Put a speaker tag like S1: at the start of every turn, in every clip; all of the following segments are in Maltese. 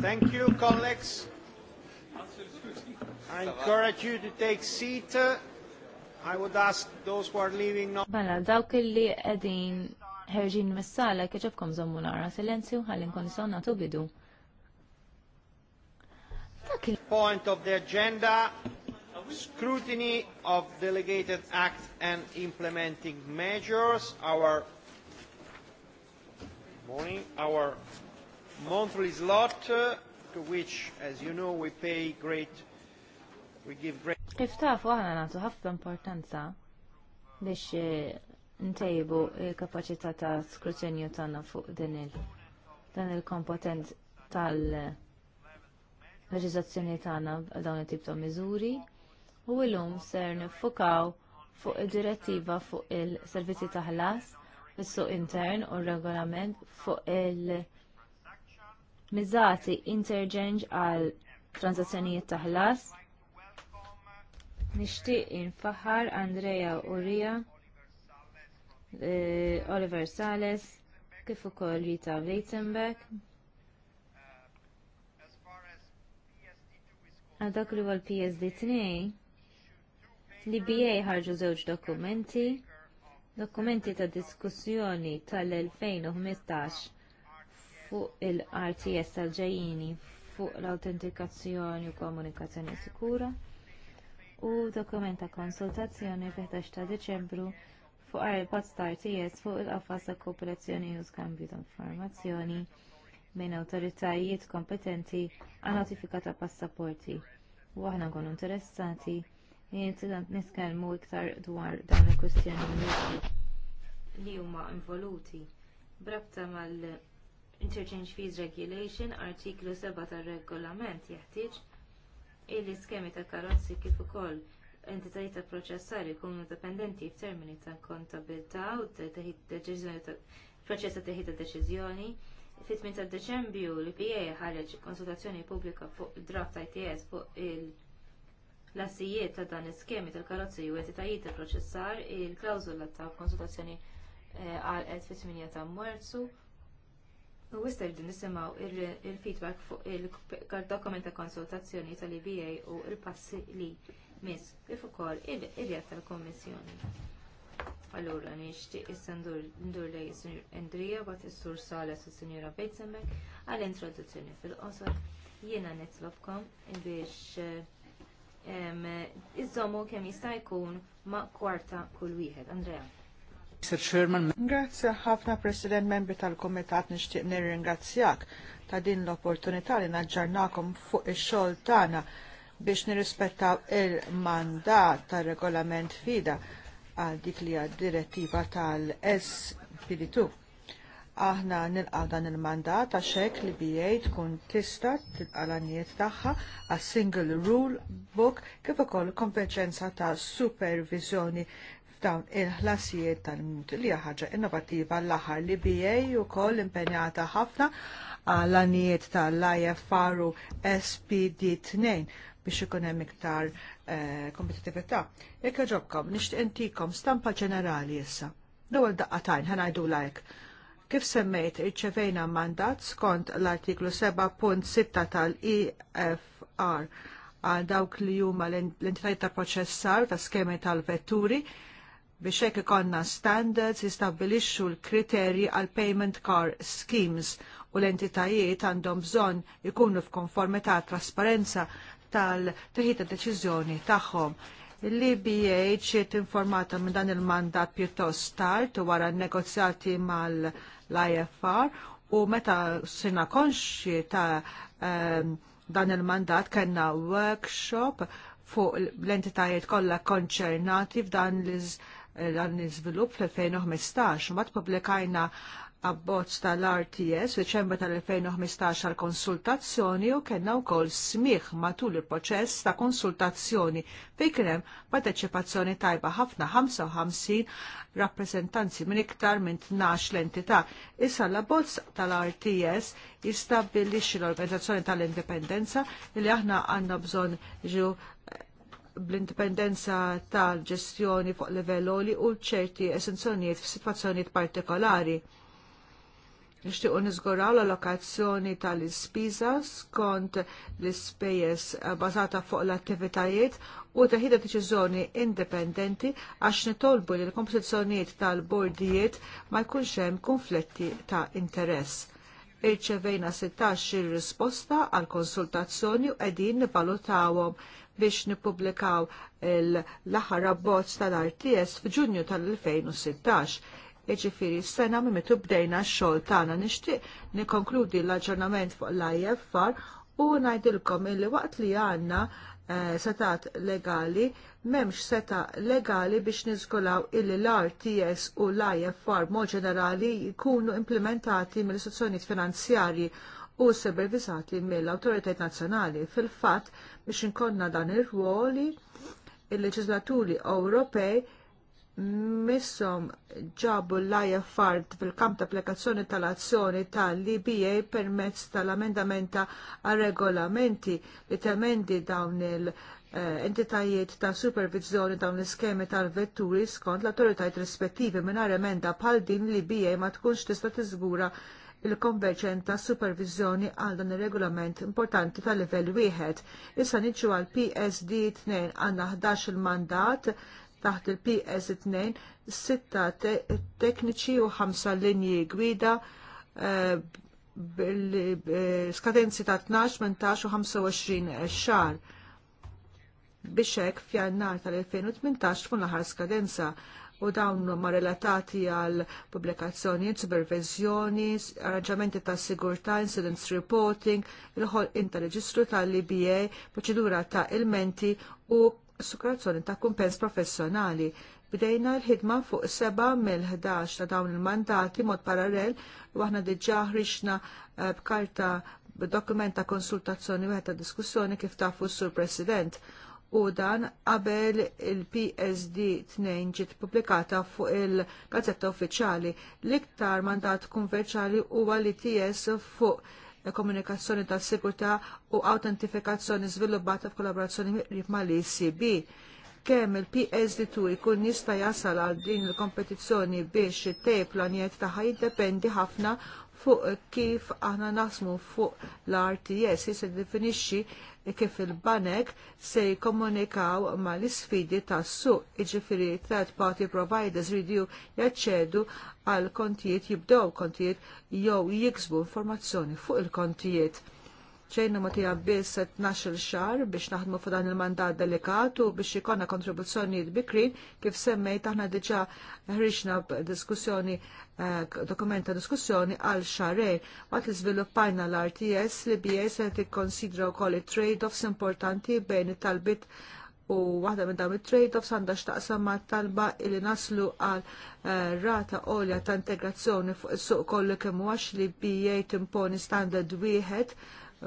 S1: Thank you, colleagues.
S2: I encourage
S1: you to take seat. I would ask those who are leaving now. Bala, mela, dawk illi edin ħerġin mis-sala kieġobkom żommu nara silenzju ħalli nkun tu bidu.
S2: Point of the agenda scrutiny of delegated act and implementing measures our morning our monthly slot uh, to which, as you know, we pay great, we give great.
S1: Kif tafu aħna nagħtu ħafna importanza biex eh, ntejbu il-kapacità ta' skrutinju tagħna fuq din il dan il-kompetent tal-reġizzazzjoni tagħna dawn it-tip ta' miżuri u llum ser nifukaw fuq id-direttiva fuq il-servizzi ta' ħlas fis-suq intern u r regolament fuq il-, -il Mizzati interchange għal transazzjonijiet ta' ħlas. Nixtieq infaħar Andrea Urija, eh, Oliver Sales, kif ukoll Rita Weizenbeck. Għal dak li għal PSD 2 li BA ħarġu żewġ dokumenti, dokumenti ta' diskussjoni tal-2015 fuq il-RTS tal-ġejjini fuq l-autentikazzjoni u komunikazzjoni sikura u dokumenta konsultazzjoni fil-11 ta' Deċembru fuq il-Pazz ta' RTS fuq il-qafas ta' kooperazzjoni u skambju ta' informazzjoni minn awtoritajiet kompetenti għal notifika ta' passaporti. U aħna nkunu interessati niskelmu iktar dwar dawn il-kwistjoni li huma involuti brabta mal- Interchange Fees Regulation, artiklu 7 tar regolament jeħtieġ il-iskemi ta' karozzi kif ukoll entitajiet ta' proċessar jkunu dipendenti f'termini ta' kontabilità u proċess ta' teħid ta' deċiżjoni. Fit-8 ta' Deċembju l ipa ħareġ konsultazzjoni pubblika fuq draft ITS fuq l-assijiet ta' dan iskemi tal-karozzi u entitajiet ta' proċessar il-klawżula ta' konsultazzjoni eh, għal 8 ta' Marzu U wista rridu nisimaw il-feedback fuq il dokumenta konsultazzjoni tal-IBA u l passi li mis kif ukoll il rjat tal-Kommissjoni. Allura nixtieq issa ndur lej is-Sinjur Andrija bat is-Sur Sales u s-Sinjura Bejtsemek għall-introduzzjoni fil-qosor. Jiena nitlobkom biex iżommu kemm jista' jkun ma' kwarta kull wieħed. Andrea.
S3: Sir
S2: Grazie ħafna President membri tal-Komitat nixtieq nirringrazzjak ta' din l-opportunità li naġġarnakom fuq ix-xogħol tagħna biex nirrispettaw il-mandat tar-regolament fida għal dik li direttiva tal-SPD2. Aħna nilqaw dan il-mandat għax hekk li BA tkun tista' tilqalanijiet tagħha għas single rule book kif ukoll kompetenza ta' supervizjoni dawn il-ħlasijiet tal-mut li ħaġa innovattiva l-aħħar li BA u koll impenjata ħafna għal anijiet tal-IFR u SPD2 biex ikun hemm iktar eh, kompetitività. Jekk ġobkom, nixtieq intikom stampa ġenerali issa. L-ewwel daqqatajn ħanajdu lajk. Kif semmejt irċevejna mandat skont l-artiklu 7.6 tal-IFR għal dawk li huma l-entitajiet ta' proċessar ta' skemi tal-vetturi biex hekk ikonna standards jistabbilixxu l-kriterji għal payment car schemes u l-entitajiet għandhom bżonn ikunu f'konformità trasparenza tal-teħid ta' deċiżjoni tagħhom. L-IBH ġiet informata minn dan il-mandat pjuttost tard wara n negozjati mal-IFR u meta sirna konxi ta' um, dan il-mandat kellna workshop fuq l-entitajiet kollha konċernati f'dan l-iż dan iżvilupp fl-2015 u mat publikajna abbozz tal-RTS f'Diċembru tal-2015 għal konsultazzjoni u kellna wkoll smigħ matul il-proċess ta' konsultazzjoni fejn kien hemm parteċipazzjoni tajba ħafna 55 rappreżentanzi minn iktar minn 12 l-entità. Issa l-abbozz tal-RTS jistabbilixxi l-Organizzazzjoni tal-Indipendenza li aħna għandna bżonn ġew bl-indipendenza tal-ġestjoni fuq livelloli u ċerti essenzjonijiet f'sitwazzjonijiet partikolari. Nixtiequ nizguraw l-allokazzjoni tal-ispiża skont l-ispejjeż bażata fuq l-attivitajiet u teħida deċiżjoni indipendenti għax nitolbu li l-kompożizzjonijiet tal-bordijiet ma jkunx hemm konfletti ta' interess. Irċevejna 16 risposta għal konsultazzjoni u qegħdin nivalutawhom biex nippubblikaw l-aħħar abbozz tal-RTS f'Ġunju tal-2016. Iġifiri, s-sena mi mitu bdejna x-xol tana nishtiq nikonkludi l-aġġornament fuq l-IFR u najdilkom il-li waqt li għanna eh, setat legali memx seta legali biex nizgolaw illi l-RTS u l-IFR mod ġenerali jkunu implementati mill-istituzzjonijiet finanzjarji u supervisati mill-autoritet nazzjonali. Fil-fatt biex inkonna dan ir-ruoli il-leġislaturi Ewropej missom ġabu l fart fil-kamp ta' applikazzjoni tal-azzjoni tal-IBA permezz tal-amendamenta għal regolamenti li temendi dawn il-entitajiet eh, ta' supervizjoni dawn l-iskemi tal-vetturi skont l awtoritajiet rispettivi minn emenda bħal din l-IBA ma tkunx tista' tiżgura il-konverġenza supervizjoni għal dan ir-regolament importanti tal livell wieħed. Issa niġu għal PSD 2 għanna 11 il-mandat taħt il-PS 2, sitta tekniċi u 5 linji gwida eh, eh, skadenzi ta' 12, 18 u 25 xar biex hekk f'jannar tal-2018 tkun l-aħħar skadenza u dawn ma relatati għal publikazzjoni, supervizjoni, arranġamenti ta' sigurtà, incidents reporting, il-ħolqien ta' reġistru tal-IBA, proċedura ta' ilmenti u sukrazzjoni ta' kumpens professjonali. Bdejna l-ħidma fuq seba' mill-11 ta' dawn il-mandati mod parallel u aħna diġà ħriġna eh, b'karta b'dokument ta' konsultazzjoni wieħed ta' diskussjoni kif tafu s-Sur President u dan qabel il-PSD 2 ġiet publikata fuq il-gazzetta uffiċjali. L-iktar mandat konverċali huwa li TS fuq komunikazzjoni ta' sigurtà u autentifikazzjoni żviluppata f'kollaborazzjoni rib mal icb Kemm il-PSD2 jkun jista' jasal għal din il-kompetizzjoni biex it-tejp l tagħha jiddependi ħafna fuq kif aħna nasmu fuq l-RTS jis definixxi kif il-banek se jkomunikaw ma l-isfidi tas suq iġifiri third party providers ridju jaċċedu għal kontijiet jibdew kontijiet jew jiksbu informazzjoni fuq il-kontijiet ċejna ma tija biss 12 xar biex naħdmu fuq dan il-mandat delikatu biex ikonna kontribuzzjoni bikri kif semmejt aħna diġa ħriġna diskussjoni eh, dokumenta diskussjoni għal xarrej għat li żviluppajna l-RTS li bija se konsidra wkoll it-trade-offs importanti bejn it-talbit u waħda minn dawn it-trade-offs għandha x'taqsam ma' talba li naslu għal eh, rata għolja ta' integrazzjoni fuq is-suq kollu kemm li bija timponi standard wieħed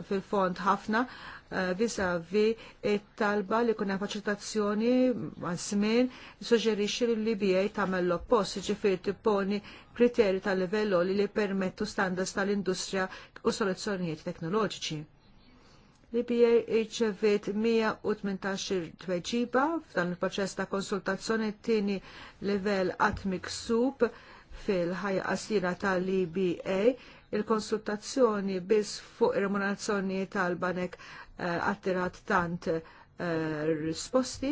S2: fil-fond ħafna eh, vizavi it-talba li kuna faċilitazzjoni għasmin suġerixi li l-BA tamel l-oppost, ġifir tipponi kriteri tal-livello li li permettu standards tal-industrija u soluzzjonijiet teknoloġiċi. Libija irċevet 118 tweġiba f'dan il-proċess ta' konsultazzjoni t-tieni livell għat soup fil-ħajja qasira tal-IBA il-konsultazzjoni biss fuq remunerazzjoni tal-banek eh, attirat tant eh, risposti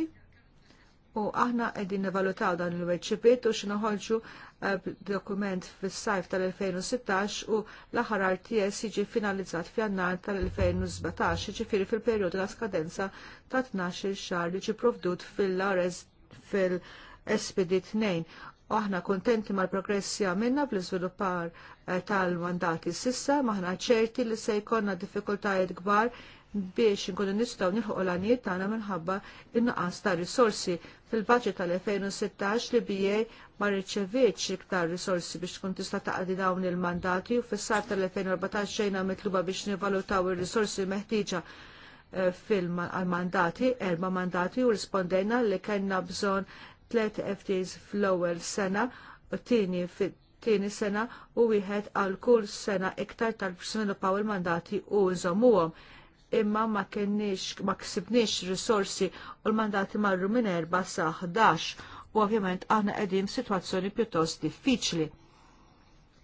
S2: u aħna qegħdin nevalutaw dan il-weċibiet u xinoħolġu eh, dokument fis-sajf tal-2016 u l-aħħar RTS jiġi finalizzat f'jannar tal-2017, jiġifieri fil-perjodu ta' skadenza ta' 12 xahar li ġi provdut fil-ares fil-SPD 2. Aħna kontenti mal-progressi għamilna bl-iżviluppar Eh, tal-mandati sissa, maħna ċerti li se jkollna diffikultajiet kbar biex nkunu nistgħu nilħu l għanijiet tagħna minħabba in-nuqqas ta' risorsi fil-baġġet tal-2016 li BA ma rċevietx iktar risorsi biex tkun tista' taqdi dawn il-mandati u fis-sar tal-2014 xejna mitluba biex nivalutaw ir-risorsi meħtieġa eh, fil-mandati, erba mandati u rispondejna li kellna bżonn tliet FTs fl-ewwel sena u tieni fit tieni sena u wieħed għal kull sena iktar tal-persuni paw il-mandati u nżommuhom imma ma kienniex ma ksibniex risorsi u l-mandati marru minn erba sa 11 u ovvjament aħna qegħdin f'sitwazzjoni pjuttost diffiċli.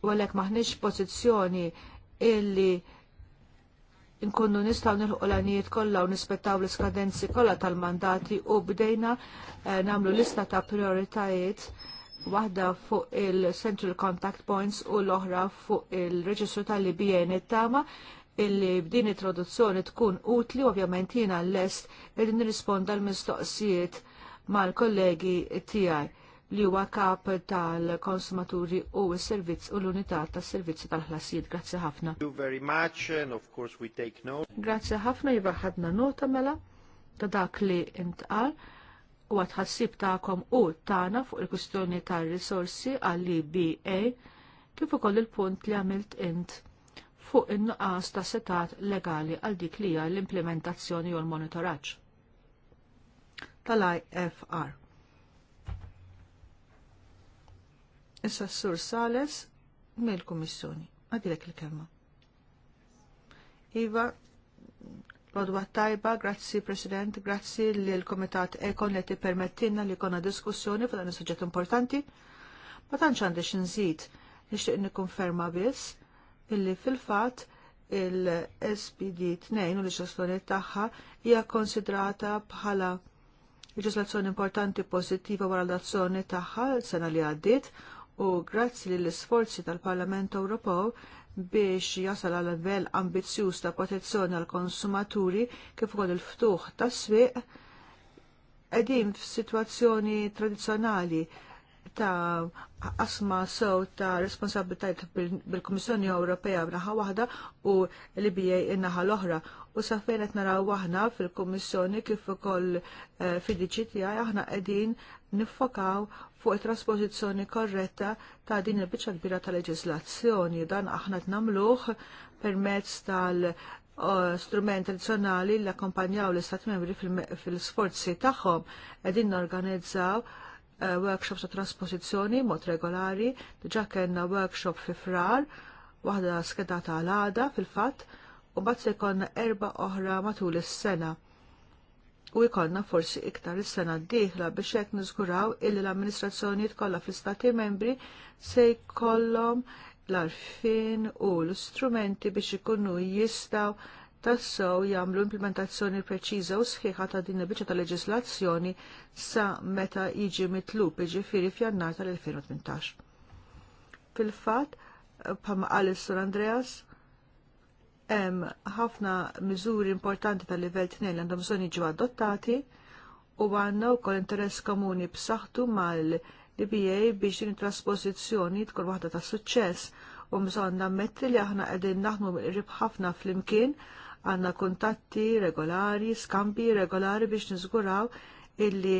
S2: U għalhekk maħniex pożizzjoni illi nkunnu nistaw nilħu l-għanijiet kollha u nispettaw l-iskadenzi kollha tal-mandati u bdejna eh, namlu lista ta' prioritajiet waħda fuq il-Central Contact Points u l-oħra fuq il-Reġistru tal-IBN it-tama illi b'din it-traduzzjoni tkun utli ovvjament jiena l-est irrid nirrisponda l-mistoqsijiet mal-kollegi tiegħi li huwa kap tal-konsumaturi u s-servizz u l-unità tas-servizzi tal-ħlasijiet. Grazzi ħafna. Grazzi ħafna jiva ħadna nota mela ta' dak li intqal u għatħassib ta'kom u ta'na fuq il-kustjoni ta' risorsi għall-IBA kif ukoll il-punt li għamilt int fuq in-nuqqas ta' setat legali għal dik li hija l-implementazzjoni u l-monitoraġġ tal-IFR. Issa s-sur Sales mill-Kummissjoni. Għadilek il kemma Iva, Lodwa tajba, grazzi President, grazzi l-Komitat Ekon li permettina li konna diskussjoni fuq dan is-suġġett importanti. Ma tantx għandi xinżid nixtieq nikkonferma biss illi fil-fatt il-SPD 2 u l-leġislazzjoni tagħha hija konsidrata bħala ġislazzjoni importanti pożittiva wara l-azzjoni tagħha sena li għaddiet u grazzi lill isforzi tal-Parlament Ewropew biex jasal għal level ambizjuż ta' protezzjoni għal konsumaturi kif ukoll il-ftuħ tas-swieq qegħdin f'sitwazzjoni tradizzjonali ta' asma sew ta' responsabilitajiet bil-Kummissjoni Ewropea b'naħa waħda u l-IBA innaħa l-oħra. U sa' fejn qed naraw aħna fil-Kummissjoni kif ukoll eh, fidiċi tiegħi aħna qegħdin niffokaw fuq it-trasposizzjoni korretta ta' din il-biċċa kbira ta' leġislazzjoni. Dan aħna namluħ permezz tal- uh, strument tradizjonali li akkompanjaw l-Istat membri fil-sforzi tagħhom qegħdin norganizzaw uh, workshops ta' trasposizzjoni mod regolari, diġà kellna workshop fi frar, waħda skedata għal għada fil-fatt, u mbagħad se jkollna erba' oħra matul is-sena u jkollna forsi iktar is-sena d-dieħla biex qed niżguraw illi l amministrazzjoni kollha fl-istati membri se jkollhom l-arfin u l-istrumenti biex ikunu jistgħu tassew jagħmlu implementazzjoni preċiża u sħiħa ta' din il-biċċa ta' leġislazzjoni sa meta jiġi mitlub jiġifieri f'jannar tal-2018. Fil-fatt, bħalma qal sur Andreas, hemm ħafna miżuri importanti tal-livell tnejn li għandhom bżonn jiġu adottati u għandna wkoll interess komuni b'saħħtu mal-DBA biex din trasposizzjoni tkun waħda ta' suċċess u bżonn nammetti li aħna qegħdin naħdmu qrib ħafna flimkien għandna kuntatti regolari, skambi regolari biex niżguraw illi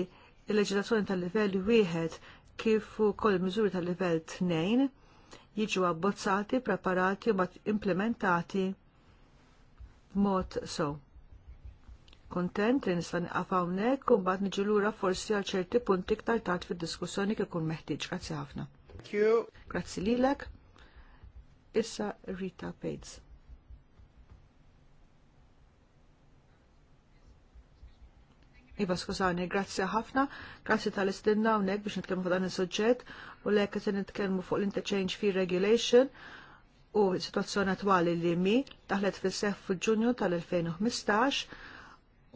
S2: il-leġilazzjoni tal-livell wieħed kif ukoll miżuri tal-livell tnejn jiġu abbozzati, preparati u implementati mod so. Kontent li nistan għafawnek, hawnhekk u mbagħad niġu lura forsi għal ċerti punti ktar tard fid-diskussjoni kif ikun meħtieġ. Grazzi ħafna. Grazzi lilek. Issa Rita Pates. Iva skużani, grazzi ħafna, grazzi tal-istinna unnek biex nitkellmu fuq dan is-suġġett u lek se nitkellmu fuq l-interchange fee regulation u situazzjoni attwali li mi taħlet fil-seħ fil-ġunju tal-2015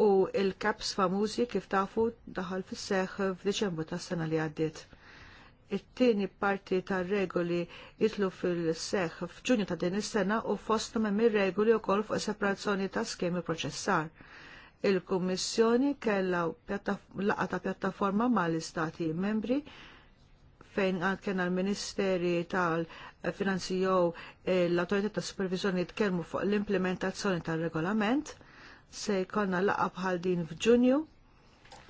S2: u il-kaps famużi kif tafu daħal fil-seħ f'Diċembru tas-sena li għaddiet it-tieni parti tar regoli jitlu fil-seħħ f'Ġunju ta' din is-sena u fosthom hemm ir-regoli wkoll fuq separazzjoni ta' skemi proċessar. Il-Kummissjoni kellha laqgħa ta' pjattaforma mal istati membri fejn għad kena l-Ministeri tal-Finanzi jew eh, l-Autorità ta' Supervizjoni tkellmu fuq l-implementazzjoni tal-regolament se jkollna laqa bħal din f'Ġunju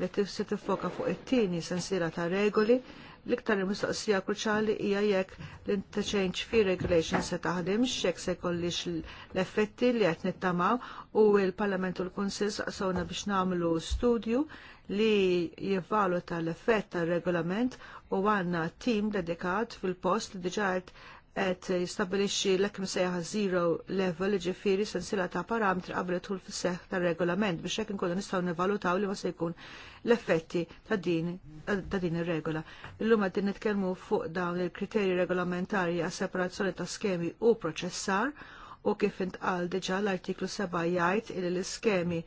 S2: li tifsi tifoka fuq it-tieni sensira ta' regoli l-iktar mistoqsija kruċali hija jekk l-interchange fee regulation se taħdimx jekk se jkollix l-effetti li qed nittamaw u l-Parlament u l-Kunsill saqsawna biex nagħmlu studju li jivvaluta l-effett tal-regolament u għanna tim dedikat fil-post li diġart et jistabilixi l-ekim sejħa zero level ġifiri sensila ta' parametri għabri tul fis seħ tal regolament biex jekk nkunu nistgħu nivalutaw li ma se jkun l-effetti ta' din ta' din ir-regola. Illum qed nitkellmu fuq dawn il-kriterji regolamentari għas separazzjoni ta' skemi u proċessar u kif intqal diġà l-artiklu 7 jgħid il skemi iskemi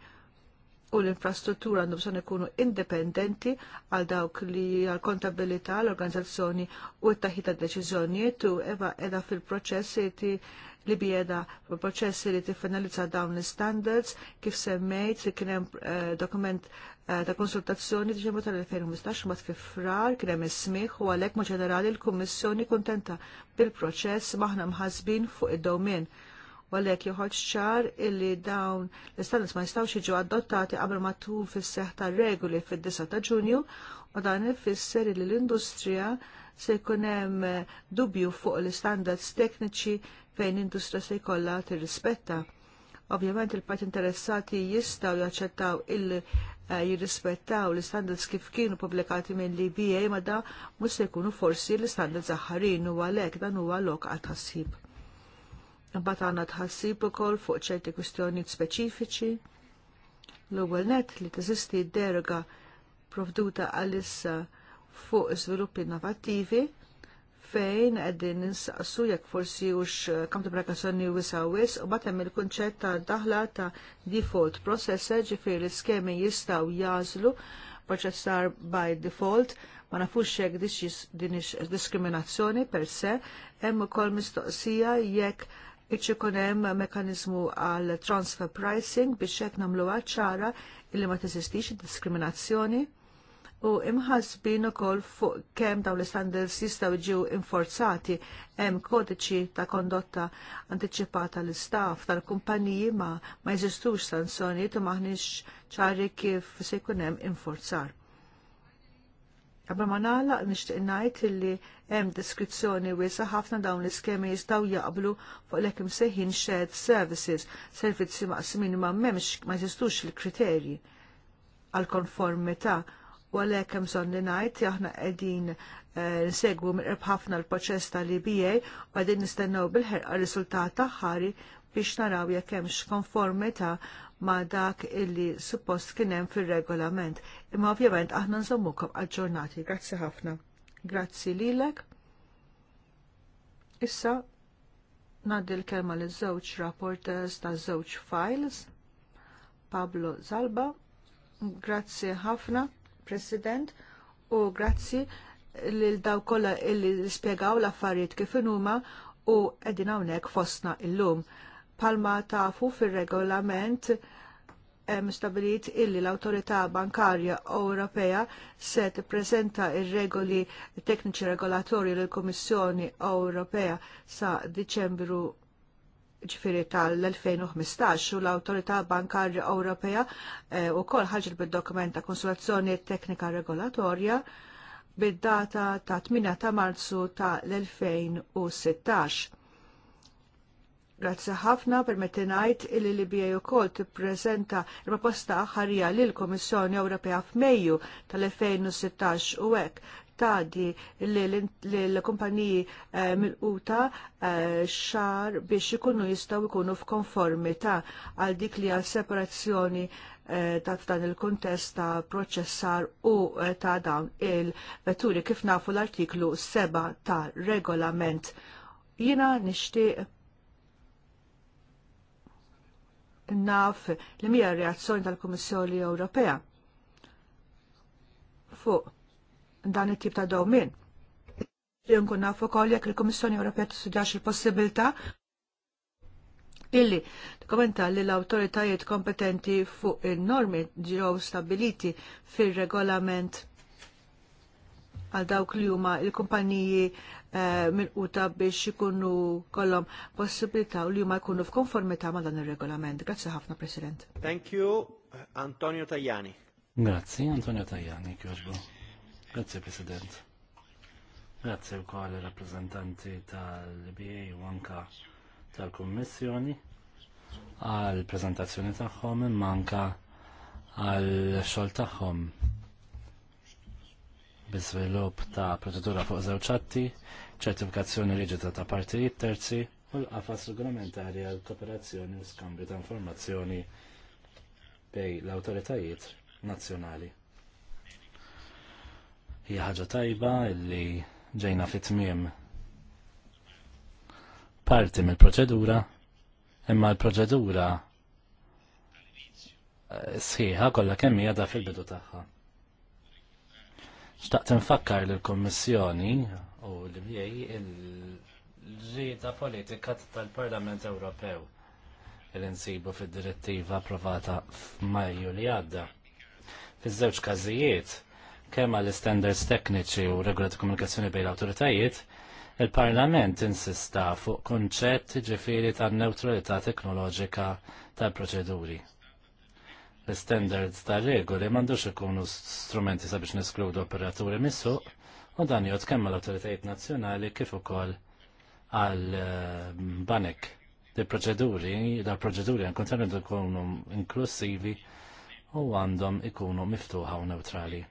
S2: u l-infrastruttura għandhom bżonn ikunu indipendenti għal dawk li għal kontabilità l-organizzazzjoni u t-taħita deċiżjonijiet u eva edha fil-proċess li bieda proċess li t-finalizza dawn l-standards kif semmejt li kien hemm eh, dokument eh, ta' konsultazzjoni diċembru tal-2015 mat fifrar kienem kien hemm u għalhekk ma' ġenerali l-Kummissjoni kuntenta bil-proċess maħna mħazbin fuq id domen għalek għalhekk joħodx ċar illi dawn l-istandards ma jistawx jiġu adottati qabel ma tul fis-seħħ tar-regoli fid-9 ta' Ġunju u dan ifisser li l-industrija se jkun hemm dubju fuq l-istandards tekniċi fejn l-industrija se jkollha tirrispetta. Ovvjament il-parti interessati jistgħu jaċċettaw il- eh, jirrispettaw l-standards kif kienu publikati minn l-IBA ma da mus se jkunu forsi l-standards aħħarin u għalhekk dan huwa lok għal tħassib. Mbagħad għandna tħassib ukoll fuq ċerti kwistjonijiet speċifiċi. L-ewwel net li teżisti deroga provduta għalissa fuq żviluppi innovattivi fejn qegħdin ninsaqsu jekk forsi hux kemm tibrakazzjoni wisa wis u mbagħad hemm il-kunċett ta' daħla ta' default processor ġifier l-iskemi jistgħu jażlu proċessar by default ma nafux hekk din diskriminazzjoni per se hemm ukoll mistoqsija jekk ikun hemm mekanizmu għal transfer pricing biex hekk nagħmluha ċara illi ma teżistix diskriminazzjoni u imħasbin ukoll fuq kemm dawn l-standards jistgħu jiġu inforzati hemm kodiċi ta' kondotta antiċipata l istaff tal-kumpaniji ma ma jeżistux sanzjonijiet u maħniex ċari kif se jkun hemm inforzar. Qabel ma nagħlaq nixtieq ngħid li hemm diskrizzjoni wiesa ħafna dawn l-iskemi jistgħu jaqblu fuq l imsejħin shared services, servizzi maqsimin ma m'hemmx ma jistux l-kriterji għal konformità u għalhekk hemm bżonn li najt aħna qegħdin eh, nsegwu mirqrib ħafna l-proċess tal-IBA u għedin nistennaw bil-ħerqa r ħari biex naraw jekk hemmx konformità ma' dak illi suppost kien hemm fir-regolament. Imma ovvjament aħna nżommukom aġġornati. Grazzi ħafna. Grazzi lilek. Issa ngħaddi l-kelma li żewġ rapporters ta' żewġ files. Pablo Zalba. Grazzi ħafna, President, u grazzi lil daw kollha illi spjegaw l-affarijiet kif huma u qegħdin hawnhekk fostna illum. lum Palma tafu fil-regolament hemm stabilit illi l-Awtorità Bankarja Ewropea se tippreżenta ir-regoli tekniċi regolatorji lill kummissjoni Ewropea sa Diċembru ġifiri tal-2015 u l-Autorità Bankarja Ewropea wkoll eh, u kol ħarġet bid-dokument ta' konsolazzjoni teknika regolatorja bid-data ta' 8 ta' Marzu ta' l-2016 Grazzi ħafna permetti ngħid li ti wkoll tippreżenta proposta ħarja l Kummissjoni Ewropea f'Mejju tal-2016 u hekk tadi l-kumpaniji eh, milquta eh, xar biex ikunu jistgħu jkunu ta' għal dik li għal separazzjoni eh, ta' dan il-kontest ta' proċessar u ta' dawn il-vetturi kif nafu l-artiklu 7 ta' regolament. Jina nixtieq naf li mija reazzjoni tal-Kummissjoni Ewropea fuq dan it-tip ta' dawmin. Nkun naf ukoll jekk il komissjoni Ewropea tistudjax il-possibilità illi dokumenta li l-autoritajiet kompetenti fuq il-normi ġew stabiliti fil-regolament għal dawk li huma il-kumpaniji Eh, minquta biex ikunu kollom possibilità u li huma jkunu f'konformità ma' dan ir-regolament. Grazie ħafna President.
S3: Thank you Antonio Tajani. Grazie, Antonio Tajani kjoġbu. Grazie President. Grazie wkoll il rappresentanti tal-BA u anka tal-Kummissjoni għal prezentazzjoni tagħhom imma għal xogħol tagħhom biżvilupp ta' procedura fuq żewċatti, ċertifikazzjoni reġita ta' partijiet terzi u l-qafas regolamentari għal kooperazzjoni u skambju ta' informazzjoni bej l-awtoritajiet nazzjonali. Hija ħaġa tajba li ġejna fit-tmiem parti mill-proċedura, imma l-proċedura eh, sħiħa kollha kemm hija da fil-bidu tagħha. Xtaqt nfakkar l kommissjoni u l-bjej il-ġieda politika tal-Parlament Ewropew il-insibu fil-direttiva approvata f'Majju li għadda. Fiż-żewġ każijiet, kemm għall standards tekniċi u regolat komunikazzjoni bejn l-awtoritajiet, il-Parlament insista fuq konċett ġifiri tan-neutralità teknoloġika tal-proċeduri l-standards ta' regoli mandux ikunu strumenti sabiex neskludu operaturi missu u dan jgħod kemm l-autoritajiet nazzjonali kif ukoll għal eh, banek di proċeduri, dal proċeduri għan kontra ikunu inklusivi u għandhom ikunu miftuħa u neutrali.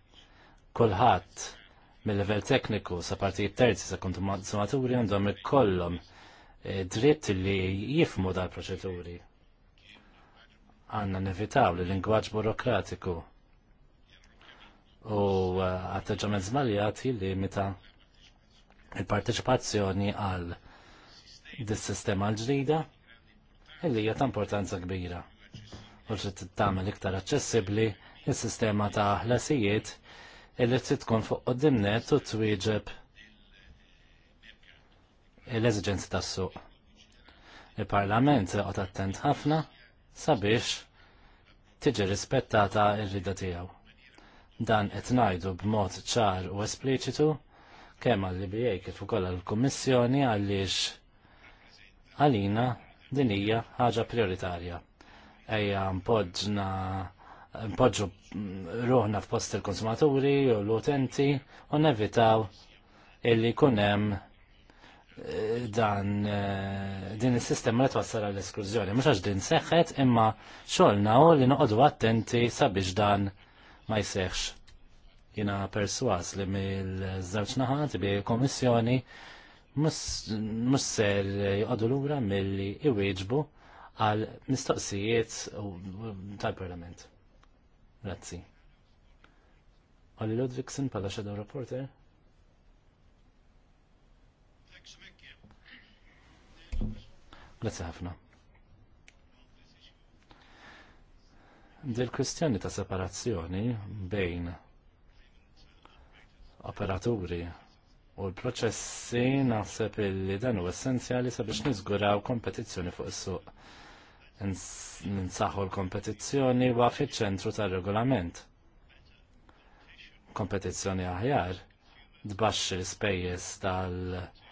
S3: Kulħadd mill-level tekniku sa parti terzi sa kontumaturi għandhom ikollhom eh, dritt li jifmu dal proċeduri għanna nevitaw li lingwaġġ burokratiku u uh, atteġġament zmaljati li meta il-parteċipazzjoni għal dis-sistema l-ġdida illi hija ta' importanza kbira. U trid tagħmel iktar aċċessibbli is-sistema ta' ħlasijiet illi trid tkun fuq qoddimnet u twieġeb l eżigenzi tas-suq. Il-Parlament qed attent ħafna sabiex tiġi rispettata r-rida tiegħu. Dan qed ngħidu b'mod ċar u espliċitu kemm għall-IBA kif ukoll għall-Kummissjoni għaliex għalina din hija ħaġa prioritarja. Ejja mpoġġna mpoġġu ruħna f'post il-konsumaturi u l-utenti u nevitaw illi kunem hemm dan eh, din is-sistema li twassal għall esklużjoni mhux għax din seħħet imma xogħolna u li noqogħdu attenti sabiex dan ma jseħħx. Jiena perswas li mill-żewġ naħat bi komissjoni mhux ser joqogħdu lura milli iwieġbu għal mistoqsijiet tal-Parlament. Grazzi. Għalli Ludwigsen pala xedaw Reporter. Grazzi ħafna. Del kwistjoni ta' separazzjoni bejn operaturi u l-proċessi naħseb li dan huwa essenzjali sabiex niżguraw kompetizzjoni fuq is-suq. Ninsaħħu l-kompetizzjoni wa fiċ-ċentru tar-regolament. Kompetizzjoni aħjar tbaxxi l-ispejjeż tal- -regolament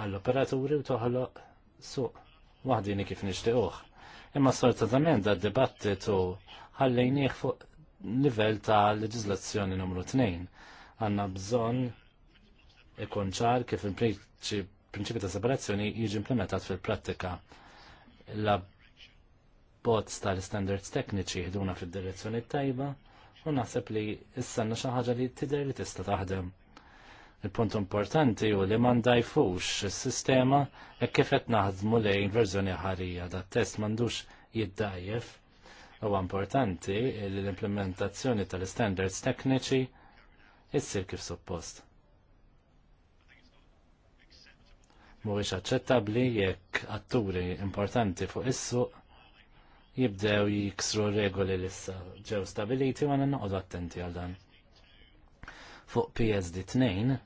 S3: għall-operaturi u toħloq suq waħdini kif nixtiequh. Imma sortatament da dibattitu ħallejnieh fuq livell ta' leġislazzjoni numru 2. Għanna bżonn ikun ċar kif il-prinċipi ta' separazzjoni jiġi implementat fil-prattika. La bots tal-standards tekniċi ħiduna fid-direzzjoni tajba u naħseb li issa xi ħaġa li tidher li tista' taħdem Il-punt importanti u li man dajfux il-sistema e kifet naħdmu lejn verżjoni ħarija da test mandux jiddajjef. U importanti li l-implementazzjoni tal-standards tekniċi jissir kif suppost. Mhuwiex aċċettabbli jekk atturi importanti fuq is-suq jibdew jiksru regoli li issa ġew stabiliti u għandna attenti għal dan. Fuq PSD 2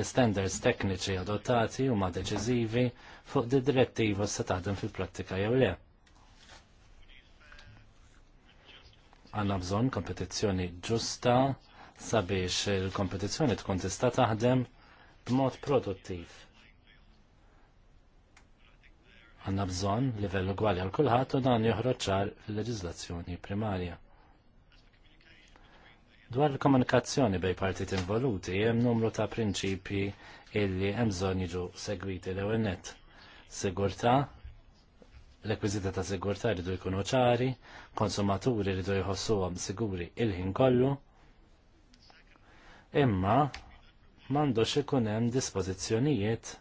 S3: L-standards tekniċi adottati huma deċiżivi fuq di direttiva se taħdem fil-prattika jew le. Għanna bżonn kompetizzjoni ġusta sabiex il-kompetizzjoni tkun tista' taħdem b'mod produttiv. Għanna bżonn livell ugwali għal kulħadd u dan joħroġ ċar fil-leġiżlazzjoni primarja. Dwar il-komunikazzjoni bej partit involuti, hemm numru ta' prinċipji illi hemm bżonn jiġu segwiti l ewwel nett. Sigurtà, l ekwizita ta' sigurtà jridu jkunu ċari, konsumaturi jħossu jħossuhom siguri il-ħin kollu. Imma m'għandux ikun hemm dispożizzjonijiet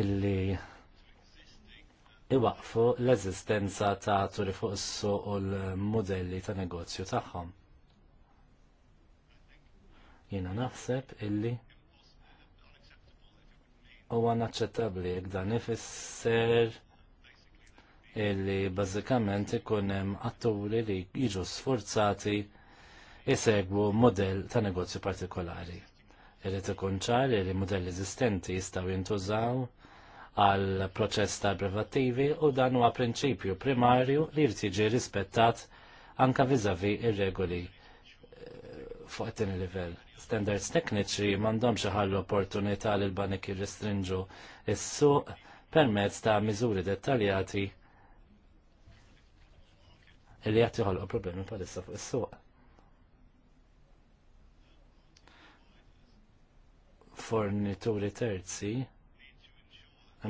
S3: illi iwaqfu l-eżistenza ta' turi fuq issu u l-modelli ta' negozju tagħhom. Jiena naħseb illi huwa naċċettabbli jekk dan ifisser illi bażikament ikun hemm atturi li jiġu sforzati jsegwu modell ta' negozju partikolari. Irrid ikun ċar li modelli eżistenti jistgħu jintużaw għal proċess tal-privattivi u dan huwa prinċipju primarju li jrid jiġi rispettat anka viżavi ir-regoli eh, fuq din il-livell. Standards tekniċi m'għandhomx ħallu opportunità li l-banek jirrestrinġu is-suq permezz ta' miżuri dettaljati li qed jħolqu problemi bħalissa fuq is-suq. Fornituri terzi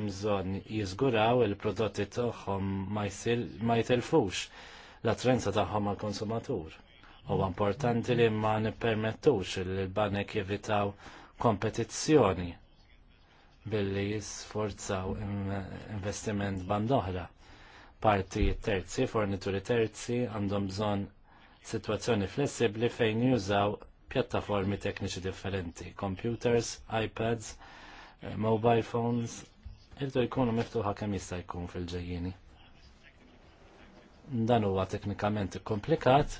S3: mżon jizguraw il-prodotti tagħhom ma jitelfux l-attrenza tagħhom għal konsumatur. U importanti li ma nippermettux il banek jevitaw kompetizzjoni billi jisforzaw investiment band oħra. Parti terzi, fornituri terzi għandhom bżon situazzjoni flessibli fejn jużaw pjattaformi tekniċi differenti, computers, iPads, eh, mobile phones, irdu jkunu miftuħa kemm jista' jkun fil-ġejjieni. Dan huwa teknikament komplikat,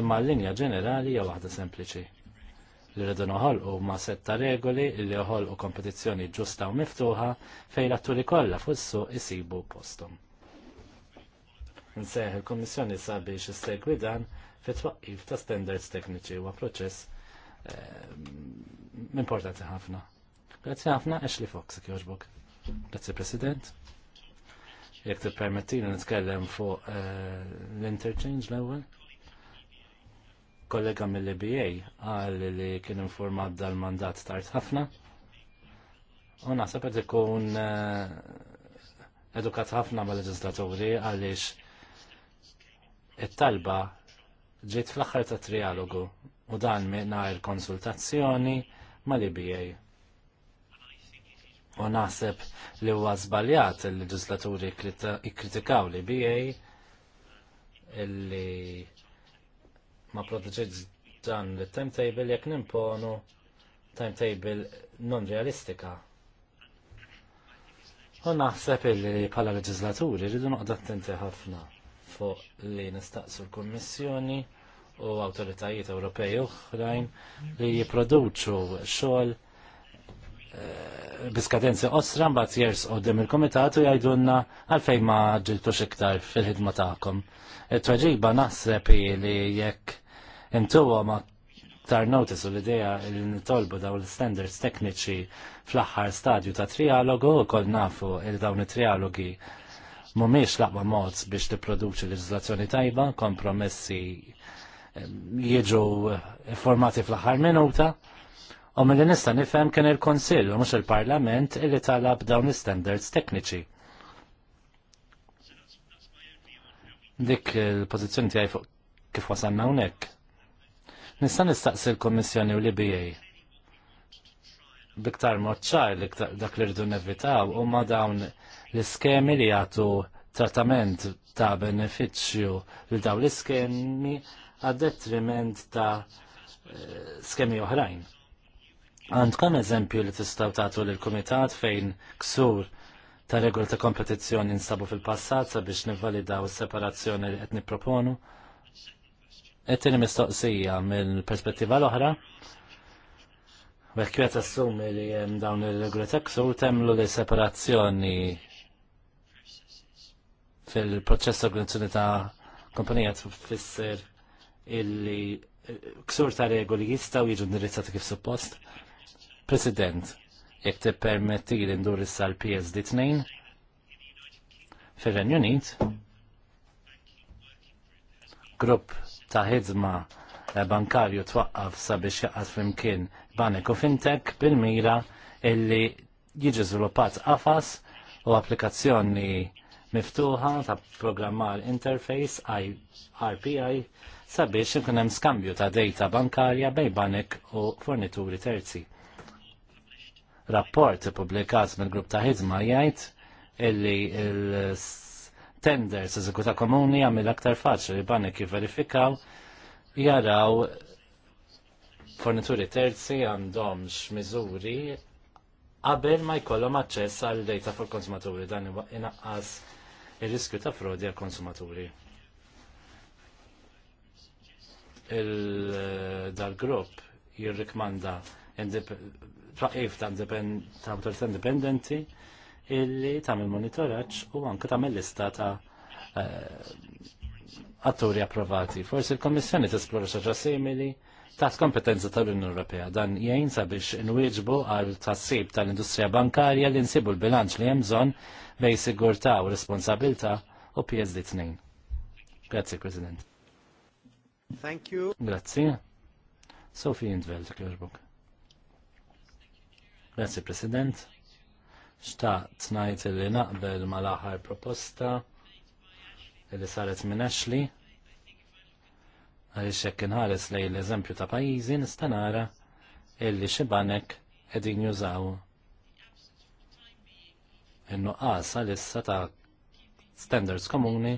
S3: imma l-linja ġenerali hija waħda sempliċi. Li rridu noħolqu ma' setta regoli li joħolqu kompetizzjoni ġusta u miftuħa fejn l-atturi kollha fussu isibu posthom. Nseħ il-Kommissjoni sabiex istegwi dan fit-twaqqif ta' standards tekniċi u proċess eh, importanti ħafna. Grazzi ħafna, Ashley Fox, kjoġbok. Grazie President. Jek ti permettina nitkellem fuq eh, l-interchange l-ewwel. Kollega mill-IBA għal li kien informat dal-mandat tard ħafna. U naħseb qed ikun eh, edukat ħafna mal-leġislaturi għaliex it-talba ġiet fl-aħħar ta' trialogu u dan mingħajr konsultazzjoni mal-IBA U naħseb li huwa żbaljat il-leġislaturi jikkritikaw li BA illi ma proteġiġ dan li timetable jekk nimponu timetable non realistika. U naħseb illi bħala leġislaturi rridu noqgħod attenti ħafna fuq li nistaqsu l-Kummissjoni u awtoritajiet Ewropej oħrajn li jipproduċu xogħol biskadenzi osra mbagħad jers qudiem il komitatu jajdunna jgħidulna għalfejn ma ġiltux iktar fil-ħidma tagħkom. It-tweġiba naħseb li jekk intuwa ma tar notis u l-ideja li nitolbu daw l-standards tekniċi fl-aħħar stadju ta' trialogu u kol nafu il dawn it-trialogi mumiex laqwa mod biex tipproduċi leġislazzjoni tajba, kompromessi jieġu formati fl-aħħar minuta U mill nista' nifhem kien il-Konsill u mhux il-Parlament illi talab dawn l-standards tekniċi. Dik il-pożizzjoni tiegħi fuq kif wasanna hawnhekk. Nista' nistaqsi l kummissjoni u l-IBA biktar moċċar li dak li rridu nevitaw u ma dawn l-iskemi li jagħtu trattament ta' beneficju li daw l-iskemi għad detriment ta' eh, skemi oħrajn. Għandkom eżempju li tistaw tagħtu lil kumitat fejn ksur ta' regol ta' kompetizzjoni nsabu fil-passat sabiex nivvalidaw is-separazzjoni li qed nipproponu. Qed mistoqsija mill-perspettiva l-oħra, Bekk jgħet assumi li jem dawn il-regoli ksur temlu li separazzjoni fil-proċess organizzazzjoni ta' kompanija tfisser illi ksur ta' regoli jistaw jiġu ndirizzati kif suppost. President, jek te permetti li ndur sal psd 2 fil-Renju Unit, grupp ta' ħidma bankarju twaqqaf sabiex jaqqas flimkien banek u fintech bil-mira illi jiġi żviluppat qafas u applikazzjoni miftuħa ta' programmar interface RPI sabiex ikun hemm skambju ta' data bankarja bejn banek u fornituri terzi rapport publikat mill-grupp ta' ħidma jgħid illi il-tenders eżekuta komuni għamil aktar faċli li kif verifikaw jaraw fornituri terzi għandhomx miżuri qabel ma jkollhom aċċess għal data fuq konsumaturi dan inaqqas ir-riskju ta' frodi għal konsumaturi. Il-dal-grupp jirrikmanda traqif ta' autorita indipendenti illi tagħmel monitoraċ u anke tagħmel lista ta' eh, atturi approvati. Forsi il-Kommissjoni t-esplora xaġa simili taħt kompetenza tal-Unjoni Ewropea. Dan jgħin sabiex inwieġbu għal tassib tal-industrija bankarja li nsibu l-bilanċ li hemm bżonn bejn sigurtà u responsabilità u PSD 2. Grazzi, President. Thank you. Grazzi. Sophie Indveld, Kjörbuk. Grazie President. Xtaqt ngħid li naqbel mal-aħħar proposta li saret minn Ashley għaliex hekk inħares lejn l-eżempju ta' pajjiżi nista' nara illi xibanek edin qegħdin jużaw in-nuqqas għalissa ta' standards komuni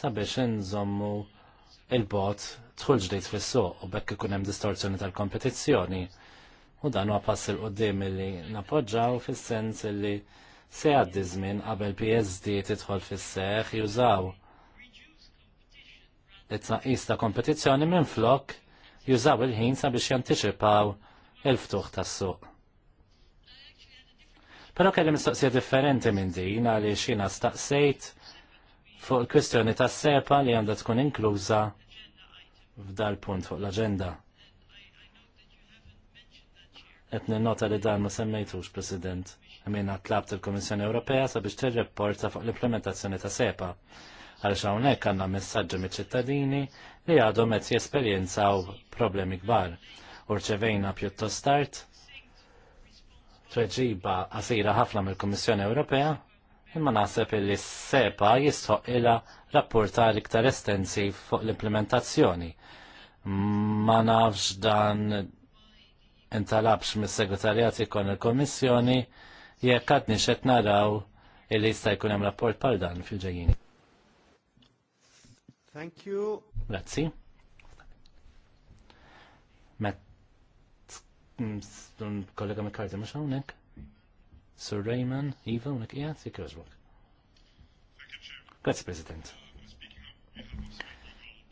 S3: sabiex nżommu il-bot tħul ġdejt fis-suq u bekk ikun hemm distorzjoni tal-kompetizzjoni U dan huwa pass il qoddim li napoġġaw fis-sens li se għaddi żmien qabel PSD tidħol fis-seħ jużaw it-tnaqqis ta' kompetizzjoni minn flok jużaw il-ħin sabiex jantiċipaw il-ftuħ tas-suq. Però kelli mistoqsija differenti minn din għaliex xina staqsejt fuq il-kwistjoni tas sepa li għandha tkun inkluża f'dal punt fuq l aġenda qed ninnota li dan ma semmejtux President. Għamina tlabt il-Komissjoni Ewropea sabiex t-reporta fuq l-implementazzjoni ta' SEPA. Għal hawnhekk għandna messaġġi miċ-ċittadini li għadhom jesperienza u problemi kbar. Urċevejna pjuttost tard tweġiba għasira ħafna mill-Kummissjoni Ewropea imma naħseb li s-sepa jistħoq ila rapportar iktar estensiv fuq l-implementazzjoni. Ma nafx dan intalabx mis-segretarjat ikon il-Komissjoni jekk għadni nixet naraw illi jista' jkun hemm rapport bħal dan fil-ġejjini.
S1: Thank you.
S3: Grazzi. Met mm, kollega McCarthy mhux hawnhekk. Sir Raymond, Eva, unek ija, sikrożbok. Grazzi, President.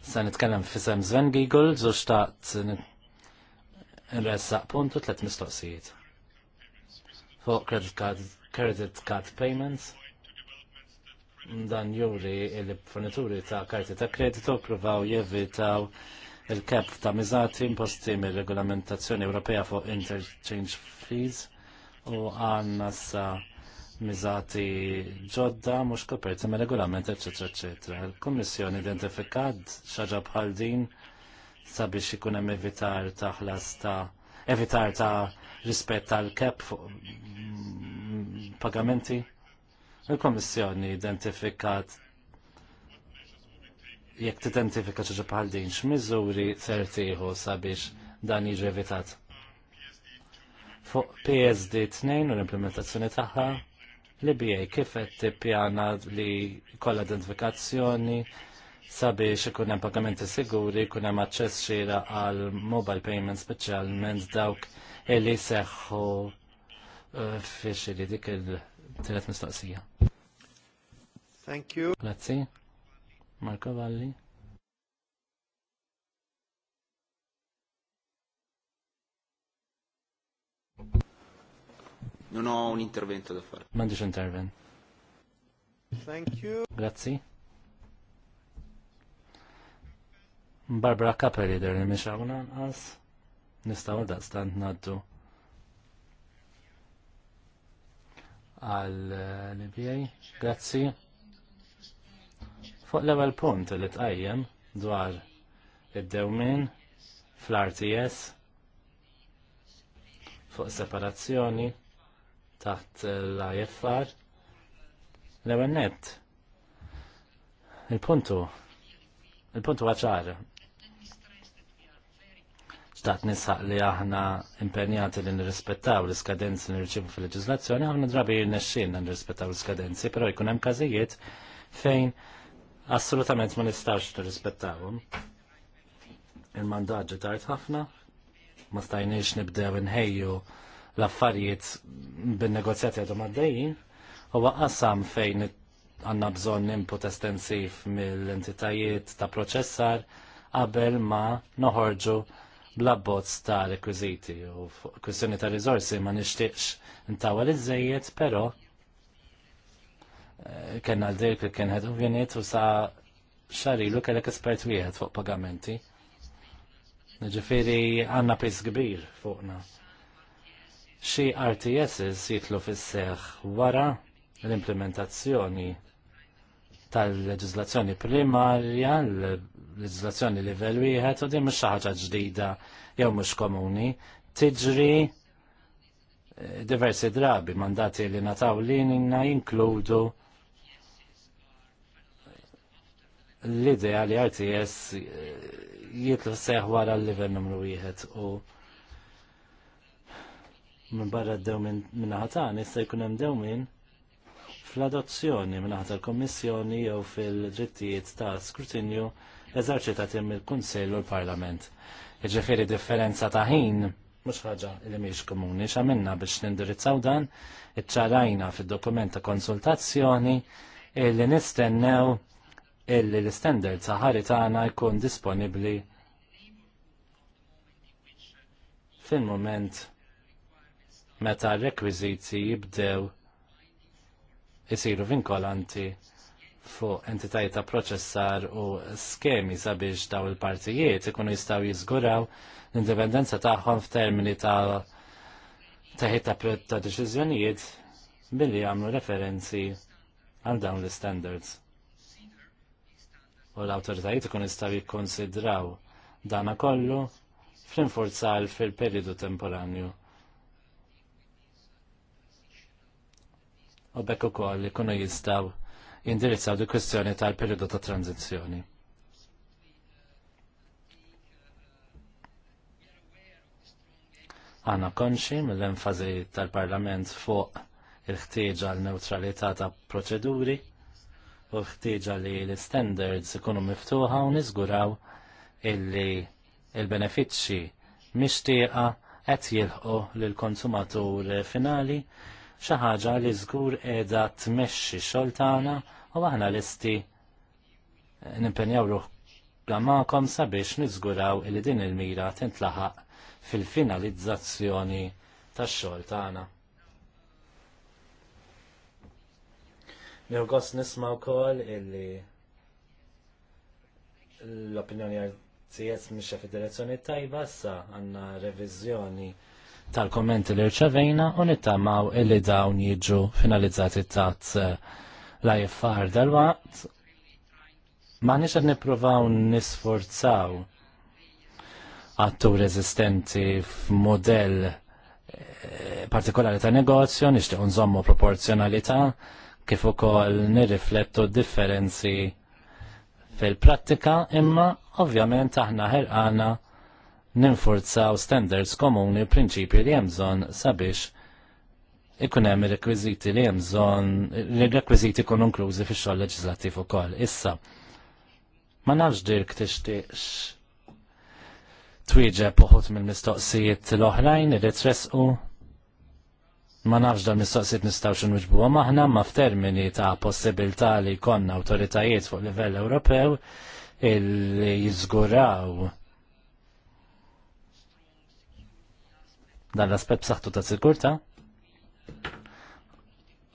S3: Sa' nitkellem fissem Sven Giegel, zuċtaqt nressaq puntu tlet mistoqsijiet. Fuq credit card, credit card payments, dan juri il-fornituri ta' karti ta' kreditu provaw jevitaw il-kep ta' mizati imposti mir regolamentazzjoni Ewropea fuq interchange fees u għanna sa' mizati ġodda mux koperti mir regolament ecc. ecc. Il-Kommissjoni identifikat xaġa bħal din sabiex ikun hemm evitar ta' ħlas ta' evitar ta' rispett tal-kep fuq pagamenti. Il-Komissjoni identifikat jekk tidentifika xi bħal din x'miżuri ser tieħu sabiex dan jiġi evitat. Fuq PSD 2 u l-implementazzjoni tagħha li bija kif qed tippjana li kollha identifikazzjoni sabiex ikun hemm pagamenti siguri, jkun hemm aċċess xira għal mobile payment speċjalment dawk li seħħu eh, fi xiri dik il-tielet mistoqsija. Thank you. Grazzi. Marco Valli. Non ho un intervento da fare. Mandiċ intervent. Thank you. Grazie. Barbara Kapeli der li miex għawna għas nistaw da stand naddu għal eh, l Grazzi. Fuq l punt li tqajjem dwar id-dewmin fl-RTS fuq separazzjoni taħt l-IFR l-ewel net. Il-puntu, il-puntu għacħar, xtaqt nisħaq li aħna impenjati li nirrispettaw l-iskadenzi li nirċibu fil-leġizlazzjoni, aħna drabi jirnexxin nirrispettaw l-iskadenzi, però jkun hemm każijiet fejn assolutament ma nistax nirrispettawhom. Il-mandat tard ħafna, ma stajniex nibdew inħejju l-affarijiet bin-negozjati għadhom għaddejjin, u waqqasam fejn għanna bżonn input estensiv mill-entitajiet ta' proċessar qabel ma noħorġu blabbozz ta' rekwiziti u kwestjoni ta' rizorsi ma nishtiqx intawal iż-żejjed, però eh, kena l-dirk li kien u vjeniet u sa' xarilu kellek espert wieħed fuq pagamenti. Ġifiri għanna pis kbir fuqna. Xi RTSs jitlu fis-seħ wara l-implementazzjoni tal-leġizlazzjoni primarja, l Legislazzjoni livell wieħed u din mhux xi ħaġa ġdida jew mhux komuni. Tiġri eh, diversi drabi mandati li nataw li jinkludu l-idea li RTS eh, jitlu seħ wara l-level numru wieħed u minn barra d-dewmin minn ħatan jista' jkun hemm dewmin fl-adozzjoni minn ħatan l-Kommissjoni jew fil-drittijiet ta' skrutinju eżerċitat jem il kunsell u l-Parlament. Iġifiri differenza ta' ħin, mux ħaġa li miex komuni, xamenna biex nindirizzaw dan, iċċarajna fid dokument ta' konsultazzjoni illi nistennew illi l-standard ta' ħari tagħna jkun disponibbli fil-moment meta r-rekwiziti jibdew isiru vinkolanti fuq entitajiet ta' proċessar u skemi sabiex daw il-partijiet ikunu jistaw jizguraw l-indipendenza tagħhom f'termini ta' taħit ta' ta', ta deċiżjonijiet billi għamlu referenzi għal dawn l-standards. U l-autoritajiet ikun jistaw jikkonsidraw dana kollu fl-infurzal fil-periodu temporanju. U bekk ukoll ikunu jistaw indirizzaw di kwestjoni tal-periodu ta' tranzizjoni. Għanna konxi mill-enfazi tal-Parlament fuq il-ħtieġa l-neutralità ta' proċeduri u ħtieġa li l-standards ikunu miftuħa u niżguraw illi il-benefiċċji mixtieqa qed jilħqu lill-konsumatur finali xaħġa ħaġa li żgur qiegħda tmexxi xogħol tagħna u aħna lesti nimpenjaw ruħ għamakom sabiex niżguraw li din il-mira tintlaħaq fil-finalizzazzjoni tax-xogħol tagħna. Nirgos nisma' wkoll illi l-opinjoni għal CS mixja fid-direzzjoni tajba sa għandna reviżjoni tal-kommenti li rċavejna u nittamaw illi dawn jiġu finalizzati tat eh, l-IFR dal-waqt. Ma nix għed niprofaw nisforzaw għattu rezistenti f'modell eh, partikolari ta' negozju, nixtieq nżommu proporzjonalità, kif ukoll nirriflettu differenzi fil-prattika, imma ovvjament aħna ħerqana ninfurzaw standards komuni prinċipji li jemżon sabiex ikun hemm ir-rekwiżiti li hemm bżonn ir-rekwiżiti jkunu inklużi fix-xogħol leġislattiv ukoll. Issa, ma nafx dirk tixtiex twieġeb uħut mill-mistoqsijiet l-oħrajn li tresqu ma nafx dal mistoqsijiet nistgħu xi nwiġbuhom aħna ma f'termini ta' possibilità li jkollna awtoritajiet fuq livell Ewropew illi jiżguraw dan l-aspet b'saħħtu ta' sikurta.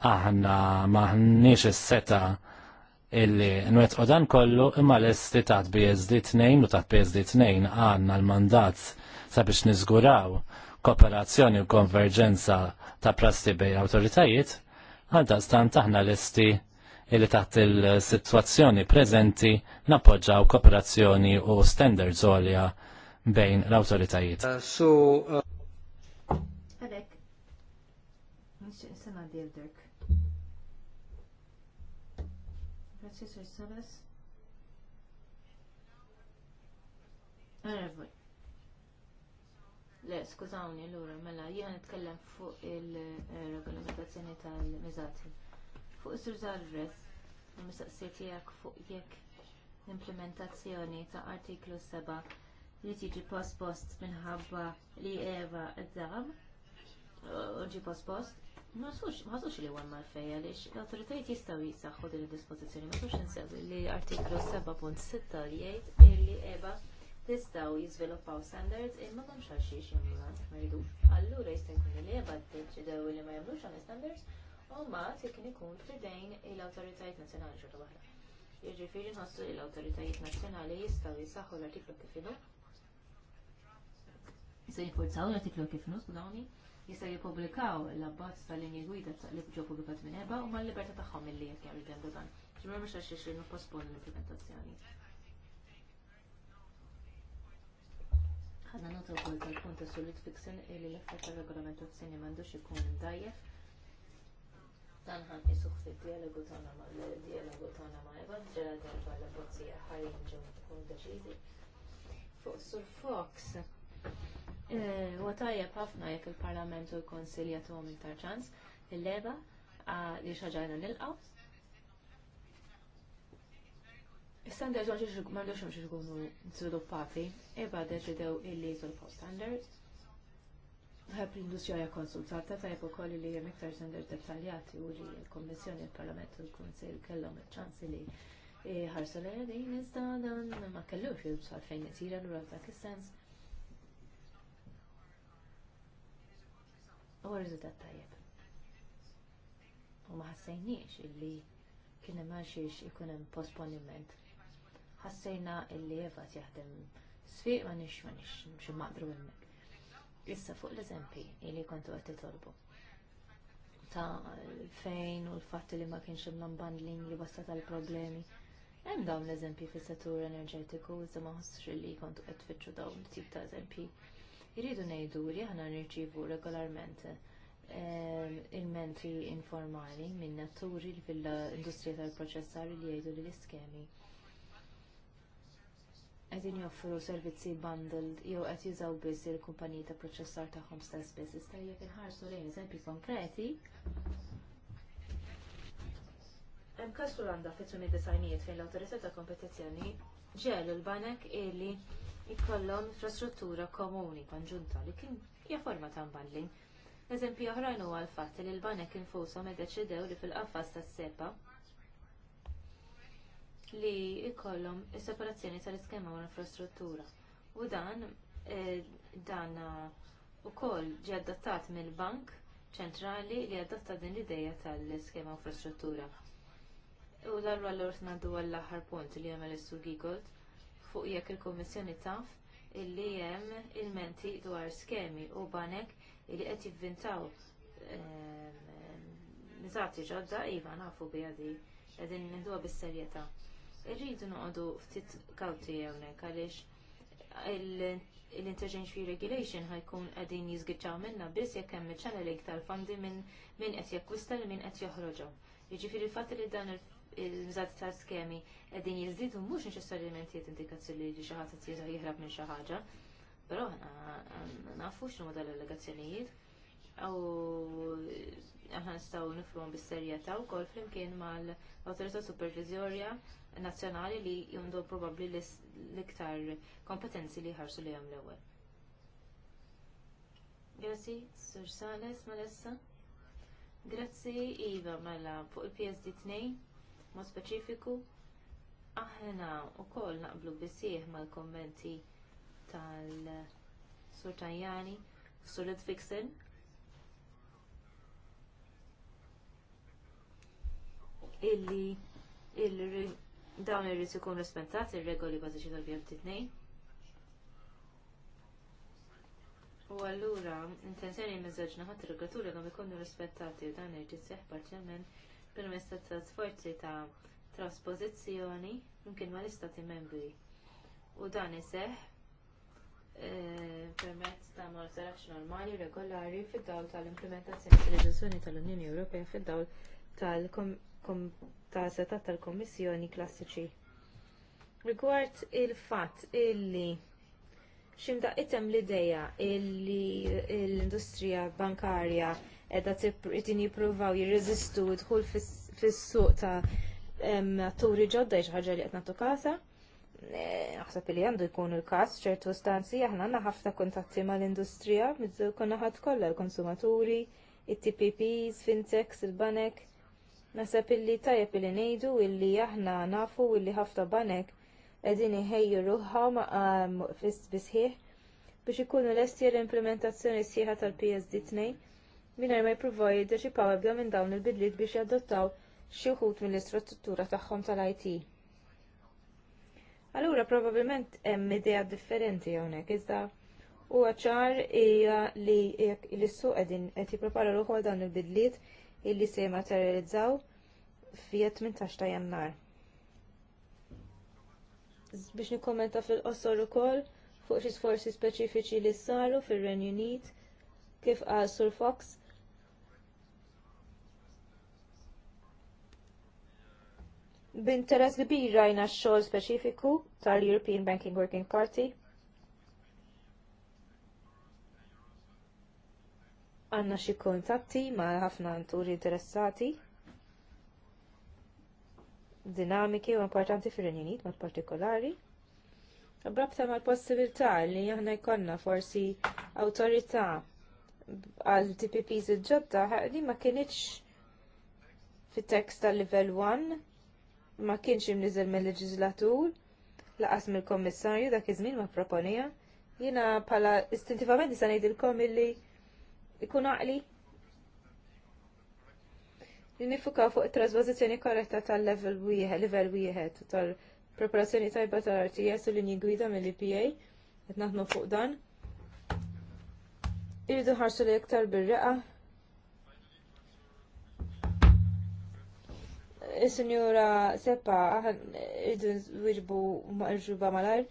S3: Aħna maħniex is-seta illi nwet dan kollu imma l-esti ta' PSD 2 u ta' PSD 2 għanna l-mandat sabiex nizguraw kooperazzjoni u konverġenza ta' prasti bej autoritajiet, għalda stan taħna l-esti illi taħt il-situazzjoni prezenti napoġġaw kooperazzjoni u standards għolja bejn l-autoritajiet. Uh, so, uh
S1: għalhekk nixtieq nisena għaddi dirk Grazie, Sir Sabas. Le, skużawni, l-ura, mela, jena nitkellem fuq il-regolamentazzjoni tal-mizati. Fuq is-sur Zalvez, il jgħak fuq jekk l-implementazzjoni ta' artiklu 7 li tiġi post-post minħabba li Eva id-dab ġi post-post, ma sux li għan marfej għaliex l autoritajt jistaw jisaxħu din il-dispozizjoni, ma sux nsew li artiklu 7.6 li jgħid illi eba tistaw jizviluppaw standards imma ma mxar xie ximma ma jridux. Allura jista' jkun li eba deċidew li ma jagħmlux għan standards u ma t-tikni kun fidejn il-autoritajt nazzjonali xorta wahda. Jiġifieri nħossu li l-awtoritajiet nazzjonali jistgħu jisaħħu l-artiklu kif inhu. Se jinfurzaw l-artiklu kif inhu, skudawni, jista' jippubblikaw l-abbozz tal-linji gwida li ġew publikat minn erba' u mal-libertà tagħhom milli jekk jagħmlu jemdu dan. Ġimgħa mhux għax ixir nipposponu l-implementazzjoni. Ħadna nota wkoll tal-punt ta' solid fixin l-effett tar-regolamentazzjoni m'għandux ikun dan ħan isuħ dialogu tagħna mal-dialogu tagħna ma' darba l Fuq Sur Fox, Eh, huwa tajjeb ħafna jekk il-Parlament u l-Konsil jagħtuhom iktar ċans il-leba li xaġajna nilqaw. Standards għal xiex hemm xi jkunu żviluppati, iba deċidew illi jiżviluppaw standards. Għab l-industrija hija konsultata tajjeb ukoll li hemm iktar standards dettaljati u li l-Kommissjoni, il-Parlament u l-Kunsill kellom il ċans li eh, ħarsu l-għedin iżda dan ma kellux jibsa fejn isir allura f'dak is-sens u rizultat tajjeb. U ma ħassejniex illi kien hemm għalxiex ikun hemm posponiment. Ħassejna illi evat jaħdem sfiq ma nix ma nix mxi maqdru minnek. Issa fuq l-eżempji illi kontu qed titolbu ta' fejn u l-fatt li ma kienx hemm bundling li wasta tal-problemi. Hemm dawn l-eżempji fis-settur enerġetiku, iżda ma ħossx li kontu qed tfittxu dawn tip ta' eżempi. Irridu ngħidu li aħna nirċievu regolarment ehm, il-menti informali minn natturi fil-industrija tal proċessari li jgħidu li l-iskemi qegħdin joffru servizzi bundled jew qed jużaw biss il-kumpaniji ta' proċessar tagħhom stess biz. Issa jekk inħarsu lejn eżempji konkreti. Hemm każ għandha fit-tuni disajnijiet fejn l-awtorità ta' kompetizzjoni ġel il banek illi Ikollhom infrastruttura komuni konġunta li kien hija forma ta' mbandling. Eżempju oħrajn huwa l-fatt li l-banek infushom iddeċidew li fil-qafas tas-sepa li jkollhom is-separazzjoni tal-iskema l infrastruttura. U dan e, dan ukoll ġie adattat mill-Bank ċentrali li adatta din l-ideja tal-iskema infrastruttura. U l-għallu għallu għallu għallu aħħar punt li għallu għallu fuq jekk il-Kummissjoni taf illi hemm ilmenti dwar skemi u banek illi qed jivvintaw ehm, miżati ġodda iva nafu bi di qegħdin ninduha bis-serjetà. Irridu noqogħdu ftit kawti hawnhekk għaliex l-interchange fee regulation ħajkun qegħdin jiżgiċċaw minnha biss jekk hemm il-channeling tal-fondi minn qed jakkwista li minn qed joħroġhom. Jiġifieri fatt li dan il il-mżat ta' skemi qegħdin jiżdidu mhux neċessarjament jiet indikazzjoni li xi ħadd qed jihrab minn xi ħaġa. Però nafu x'nu dal allegazzjonijiet u aħna nistgħu nifhmu bis-serjetà wkoll flimkien mal-Awtorità Supervizjorja Nazzjonali li jumdu probabbli l-iktar kompetenzi li ħarsu li hemm l-ewwel. Grazzi, Sur Sales, Malessa. Grazzi, Iva, mela, fuq il-PSD 2. Ma speċifiku aħna wkoll naqblu bisieħ mal-kommenti tal-Sur Tajani, Sur Fixin. Illi dawn irrid ikun rispettati ir-regoli bażiċi tal-bjem titnej. U allura, intenzjoni mizzaġna ħat il-graturi għom ikonu rispettati dan irrid seħ parzjalment permezz ta' trasporti ta' traspożizzjoni mkien mal istati membri. U dan iseħħ eh, permezz ta' monitoraġġ normali u regolari fid-dawl tal-implementazzjoni tal-leġiżjoni tal-Unjoni Ewropea fid-dawl tal-setat tal kummissjoni klassiċi. Rigward il-fatt illi ximda item l-ideja illi l-industrija bankarja edha t-tin jipruvaw jirreżistu dħul fis-suq ta' turi ġodda ħaġa li qed nagħtu każa, e, Naħseb li għandu jkunu l każ ċertu stanzi aħna għandna ħafna kuntatti mal-industrija, mizzu konna ħadd kollha l-konsumaturi, it-TPPs, Fintex, il-banek. Nasab illi tajab illi nejdu illi aħna nafu illi ħafna banek edin iħejju ruħħom fist bisħiħ biex ikunu l l-implementazzjoni sħiħa tal-PSD2 mingħajr ma jippruvaw jiddeċipaw ebda minn dawn il-bidliet biex jadottaw xi wħud mill-istruttura tagħhom tal-IT. Allura probabbilment hemm idea differenti hawnhekk iżda huwa ċar hija li l issu għedin qed jipprepara l għal dawn il-bidliet illi se materializzaw fi 18 ta' Jannar biex nikkommenta fil u ukoll fuq xi sforzi speċifiċi li saru fir-Renju Unit kif qal Sur Fox B'interess kbir rajna x-xogħol speċifiku tal-European Banking Working Party. Għanna xi kuntatti ma' ħafna nturi interessati dinamiki u importanti fir renjinit mod partikolari. Rabta mal possibilità li aħna jkollna forsi awtorità għal TPPs ġodda li ma kienitx fit-tekst tal-level 1 ma kienx imniżel mill leġizlatur laqas mill-kommissarju dak iż-żmien ma proponija. Jiena bħala istintivament nista' ngħidilkom illi ikun għaqli li nifukaw fuq it-trasposizzjoni korretta tal-level wieħed, level wieħed tal-preparazzjoni tajba tal-RTS u l l-inji gwida mill-IPA qed naħdmu fuq dan. Irridu ħarsu li iktar bir-reqa' Signora Seppa, aħan idu wieġbu maġruba malar.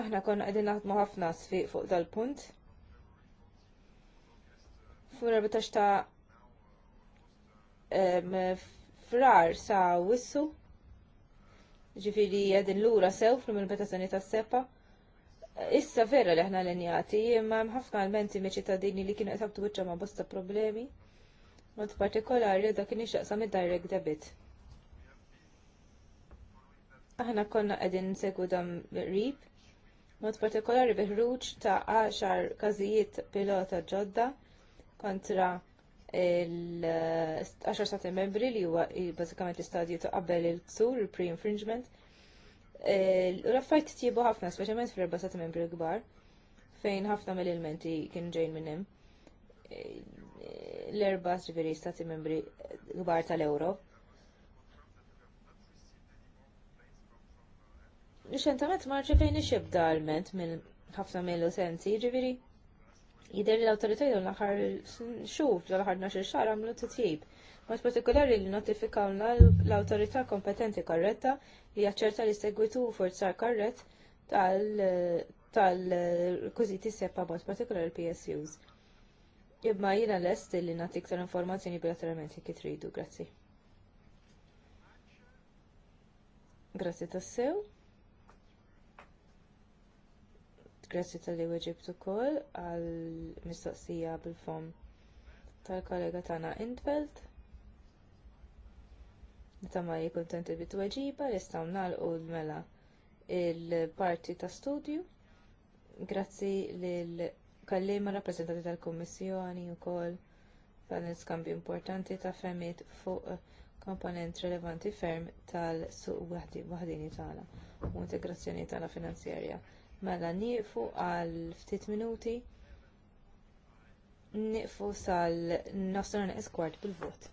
S1: Aħna konna għedin naħdmu ħafna sfiq fuq dal-punt. Fura bitax ta' frar sa' wissu. Ġifiri għedin l-ura sew fl mill sanita ta' seppa issa vera li aħna l-injati, imma ħafna għalmenti me ċittadini li kienu jtabtu bieċa ma' bosta problemi. Mod partikolari da kien ixtaqsam id-direct debit. Aħna konna qegħdin segwu dam rib, mod partikolari biħruġ ta' 10 każijiet pilota ġodda kontra il-10 stati membri li huwa bażikament l-istadju ta' qabel il-ksur, il-pre-infringement, il ksur il pre infringement il Raffajt eh, affarijiet ħafna, speċjalment fl-erba' sat membri kbar, fejn ħafna mill-elementi kien ġejn minnem. Eh, l-erba' ġifieri stati membri kbar tal-Ewro. Riċentament ma ċefejn ixibda għalment minn ħafna mill-utenti, ġiviri. Jider l autoritajdu l-aħħar xuf l-aħħar naxir xar għamlu t-tjib mod partikolari li notifikawna l-autorità kompetenti korretta li jaċċerta li segwitu forzar karret tal-rekwiziti sepa mod partikolari PSUs. Imma jiena lest li nagħti iktar informazzjoni bilateralment kif tridu, grazzi. Grazzi tassew. Grazzi tal-li weġibtu kol għal mistoqsija bil-fom tal-kollega tagħna Intveld. Meta ma jikuntenti bit-tweġiba jistgħu nagħlqu l-mela il-parti ta' studju. Grazzi lil kallima rappreżentanti tal-Kummissjoni wkoll dan l-iskambju importanti ta' fehmiet fuq komponent rilevanti ferm tal-suq waħdini tagħna u integrazzjoni tagħna finanzjarja. Mela nieqfu għal ftit minuti nieqfu sal-nostra neskwart bil-vot.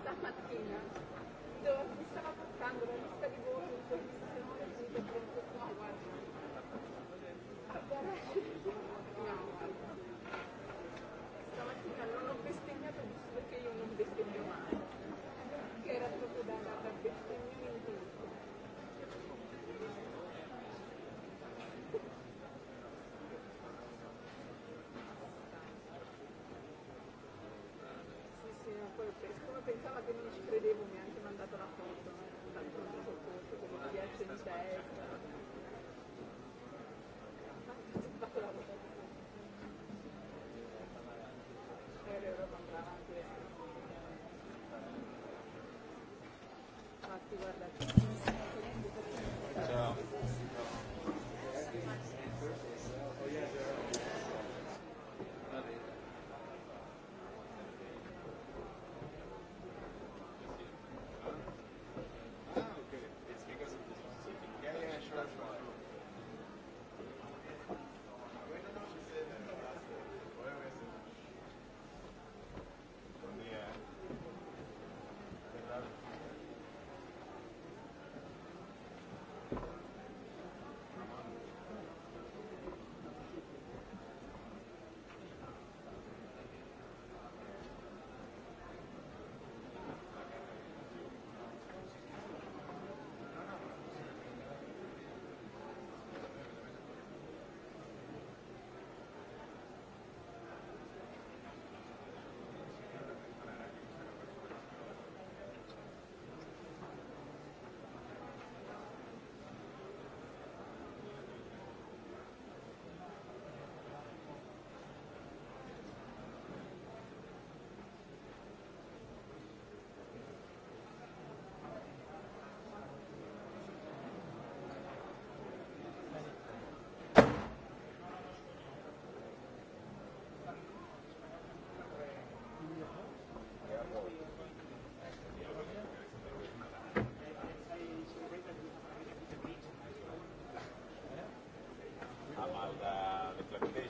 S2: Stamattina, dove mi stava portando la lista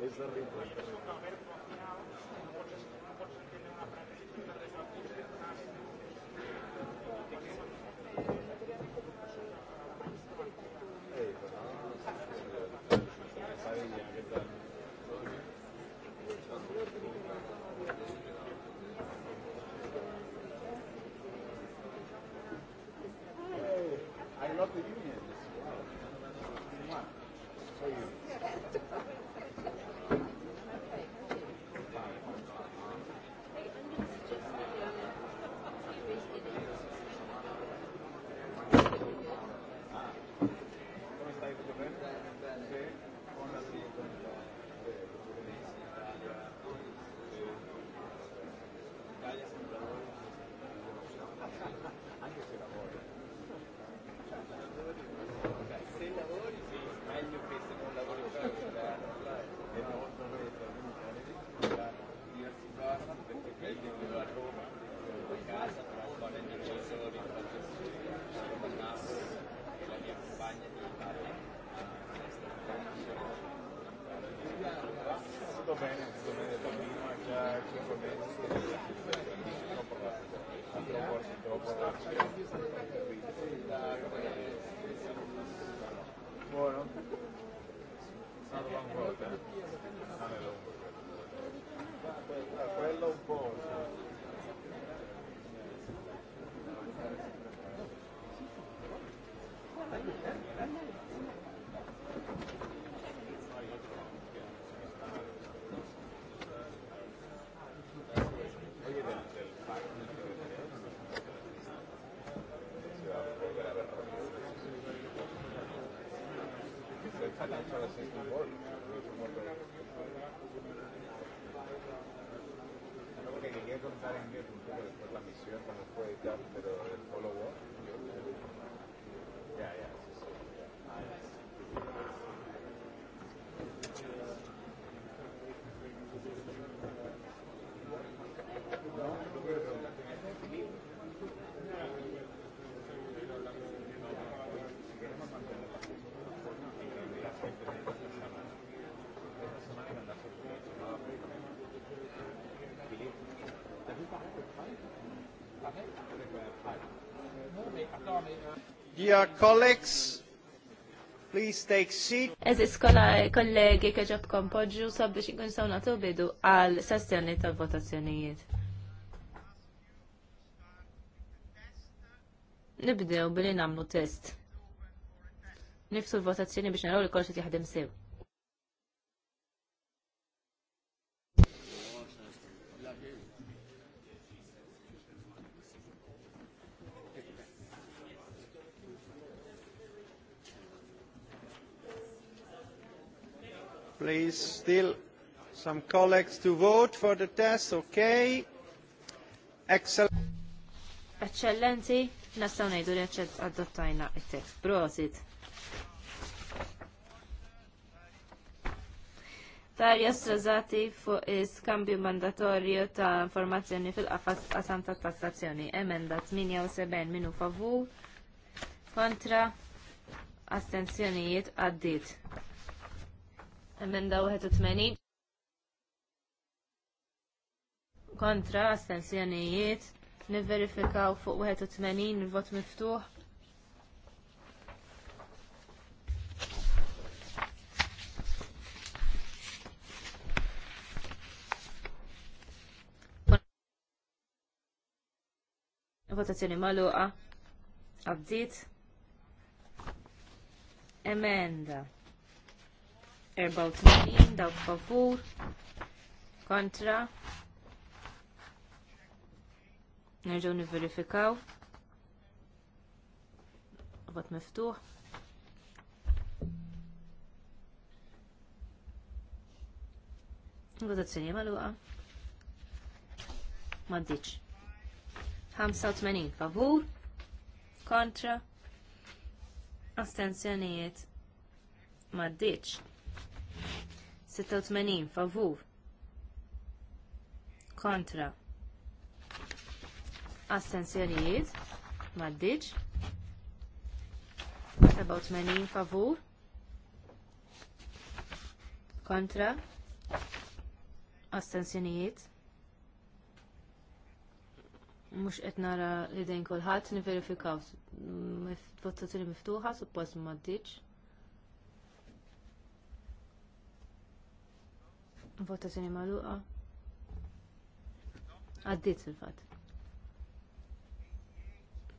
S2: Es la años, por la misión cuando fue y tal, pero el follow-up
S1: Dear colleagues, please take seat. Eżis kollegi keġobkom podġu sabiex ikun sawna bidu għal sessjoni ta' votazzjonijiet. Nibdew billi namlu test. Nifsu l-votazzjoni biex naraw li kollox jaħdem sew.
S2: please. Still some colleagues to vote for the test, okay? Excellent.
S1: Eccellenti, nastaw nejdu li adottajna it test Prosit. Tarja strazzati fuq iskambju mandatorju ta' informazzjoni fil-qafas qasam ta' tassazzjoni. Emenda 78 minu favur kontra astenzjonijiet għaddit. Emenda 81. Kontra, astensjonijiet. nivverifikaw fuq 81 il-vot miftuħ. Votazzjoni maluqa. Abdiet. Emenda. 84 dawk favur kontra nerġgħu nivverifikaw vot miftuħ Votazzjoni magħluqa. M'għaddiċ. 85 favur kontra astensjonijiet m'għaddiċ. 86 favur kontra astensjonijiet maddiċ 87 favur kontra astensjonijiet mux etnara li dejn kolħat niverifikaw votazzjoni miftuħa suppost m'għaddiġ. Votazzjoni magħluqa. Għaddiet fil-fatt.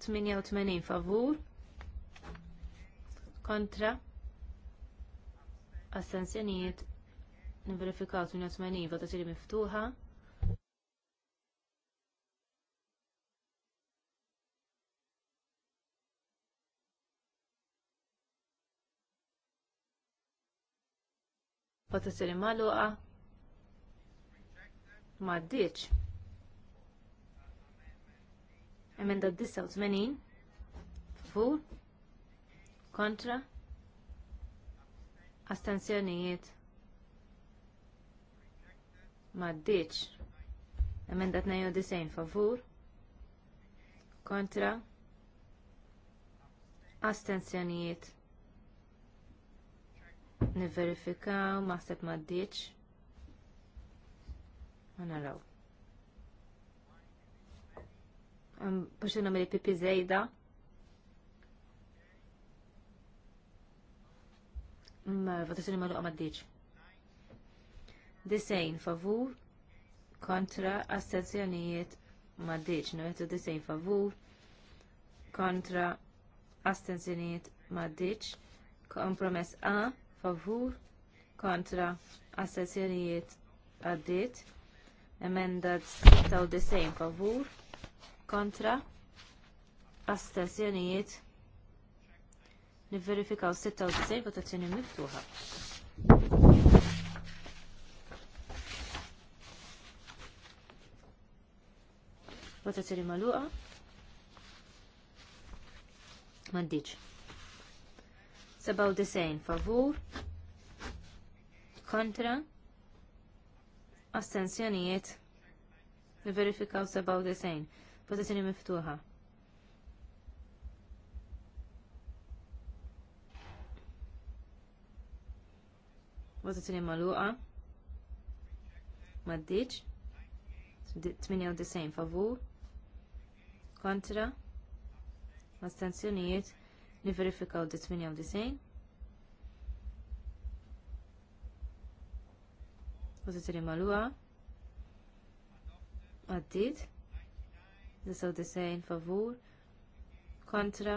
S1: 88 favur kontra astensjonijiet nivverifikaw 88 votazzjoni miftuħa. Votazzjoni maluqa. Maddiċ. Emenda 89. Favur. Kontra. Astenzjonijiet. Maddiċ. Emenda 92. Favur. Kontra. Astenzjonijiet. Niverifikaw maħseb maddiċ. Għanaraw. Bħaxu namri pipi zejda. Votazzjoni ma luqa maddiċ. Disejn favur kontra astenzjonijiet maddiċ. Nuħetu disejn favur kontra astenzjonijiet maddiċ. Kompromess A favur kontra astenzjonijiet għaddit. Emenda 96 favur kontra astensjonijiet nivverifikaw 96 votazzjoni miftuħa. Votazzjoni maluqa. Maddiċ. 97 favur kontra astensjonijiet niverifikaw 97 votazzjoni miftuħa. Votazzjoni maluqa. Maddiċ. 98 favur kontra astensjonijiet niverifikaw 98 Pozizjoni maluqa. Għaddit. Nisaw favur. Kontra.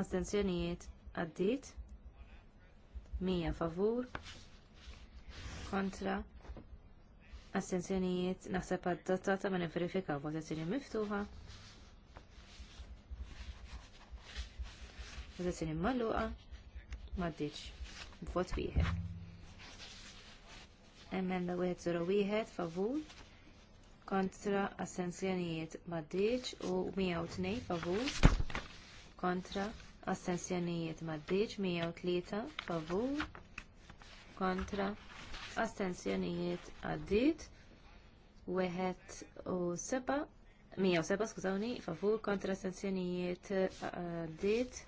S1: Astenzjonijiet. Għaddit. Mija favur. Kontra. Astenzjonijiet. Naħseb għaddatata ma verifika pozizjoni miftuħa. Pozizjoni maluqa. Maddiċ. Vot wieħed. Emenda 101 favur kontra assenzjonijiet maddiċ u 102 favur kontra astensjonijiet maddiċ 103 favur kontra astensjonijiet għaddit wieħed u seba' 107 skużawni, favur kontra sanzjonijiet għaddit.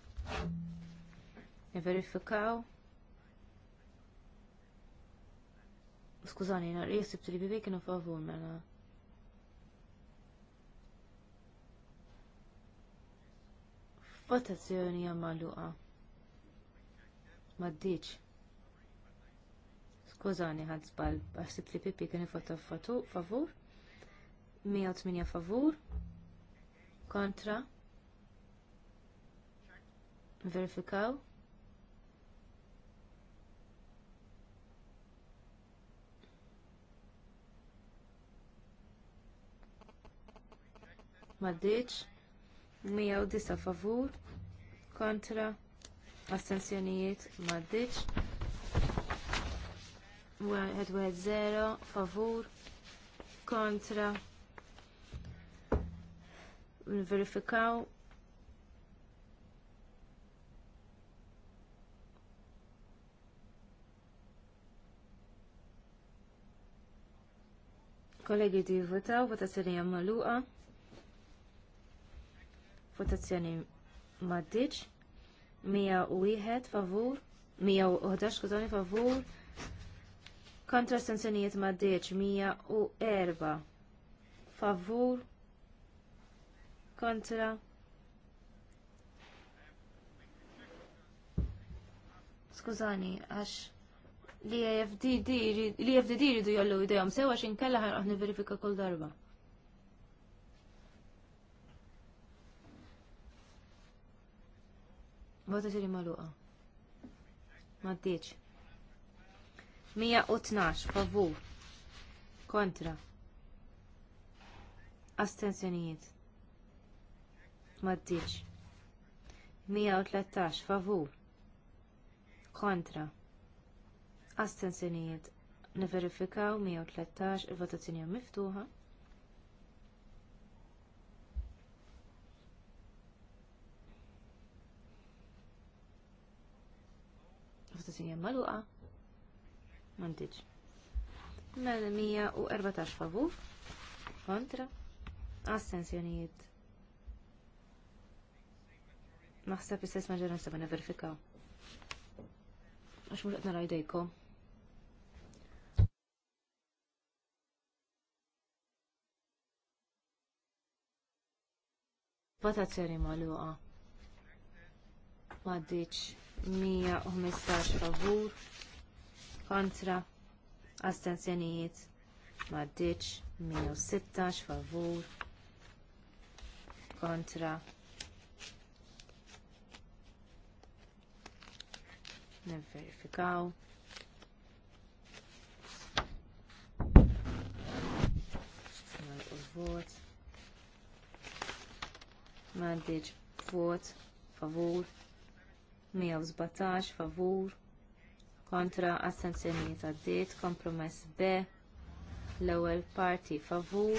S1: Verifikaw Skużani, nar jisib li bibi kienu favur mela. Votazzjoni għamaluqa. Maddiċ. Skużani ħad zbal, għasib li bibi kienu vota favur. 108 favur. Kontra. Verifikaw. maddiċ, 109 favur, kontra, astensjonijiet, maddiċ, 1-0 favur, kontra, verifikaw kollegi di votaw, votazzjoni għamma luqa votazzjoni maddiċ, 101 favur, 111 skużani favur, kontra sanzjonijiet maddiċ, 104 favur, kontra Skużani, għax li FDD li FDD jridu jollu idejhom sewa x'inkella ħarqoħ niverifika kull darba. Votazzjoni magħluqa. Maddiċ. 112 favur kontra astensjonijiet maddiċ 113 favur kontra astensjonijiet niverifikaw 113 il-votazzjoni miftuħa votazzjoni maluqa. Mandiġ. Mela 114 favur kontra astensjonijiet. Naħseb istess maġġoranza ma verifikaw. Għax mhux qed nara jdejkom. Votazzjoni luqa Maddiċ. 115 favur kontra astenzjonijiet maddiċ 116 favur kontra nivverifikaw vot maddiċ vot favur 117 favur kontra astensjonijiet għaddiet kompromess B l-ewwel parti favur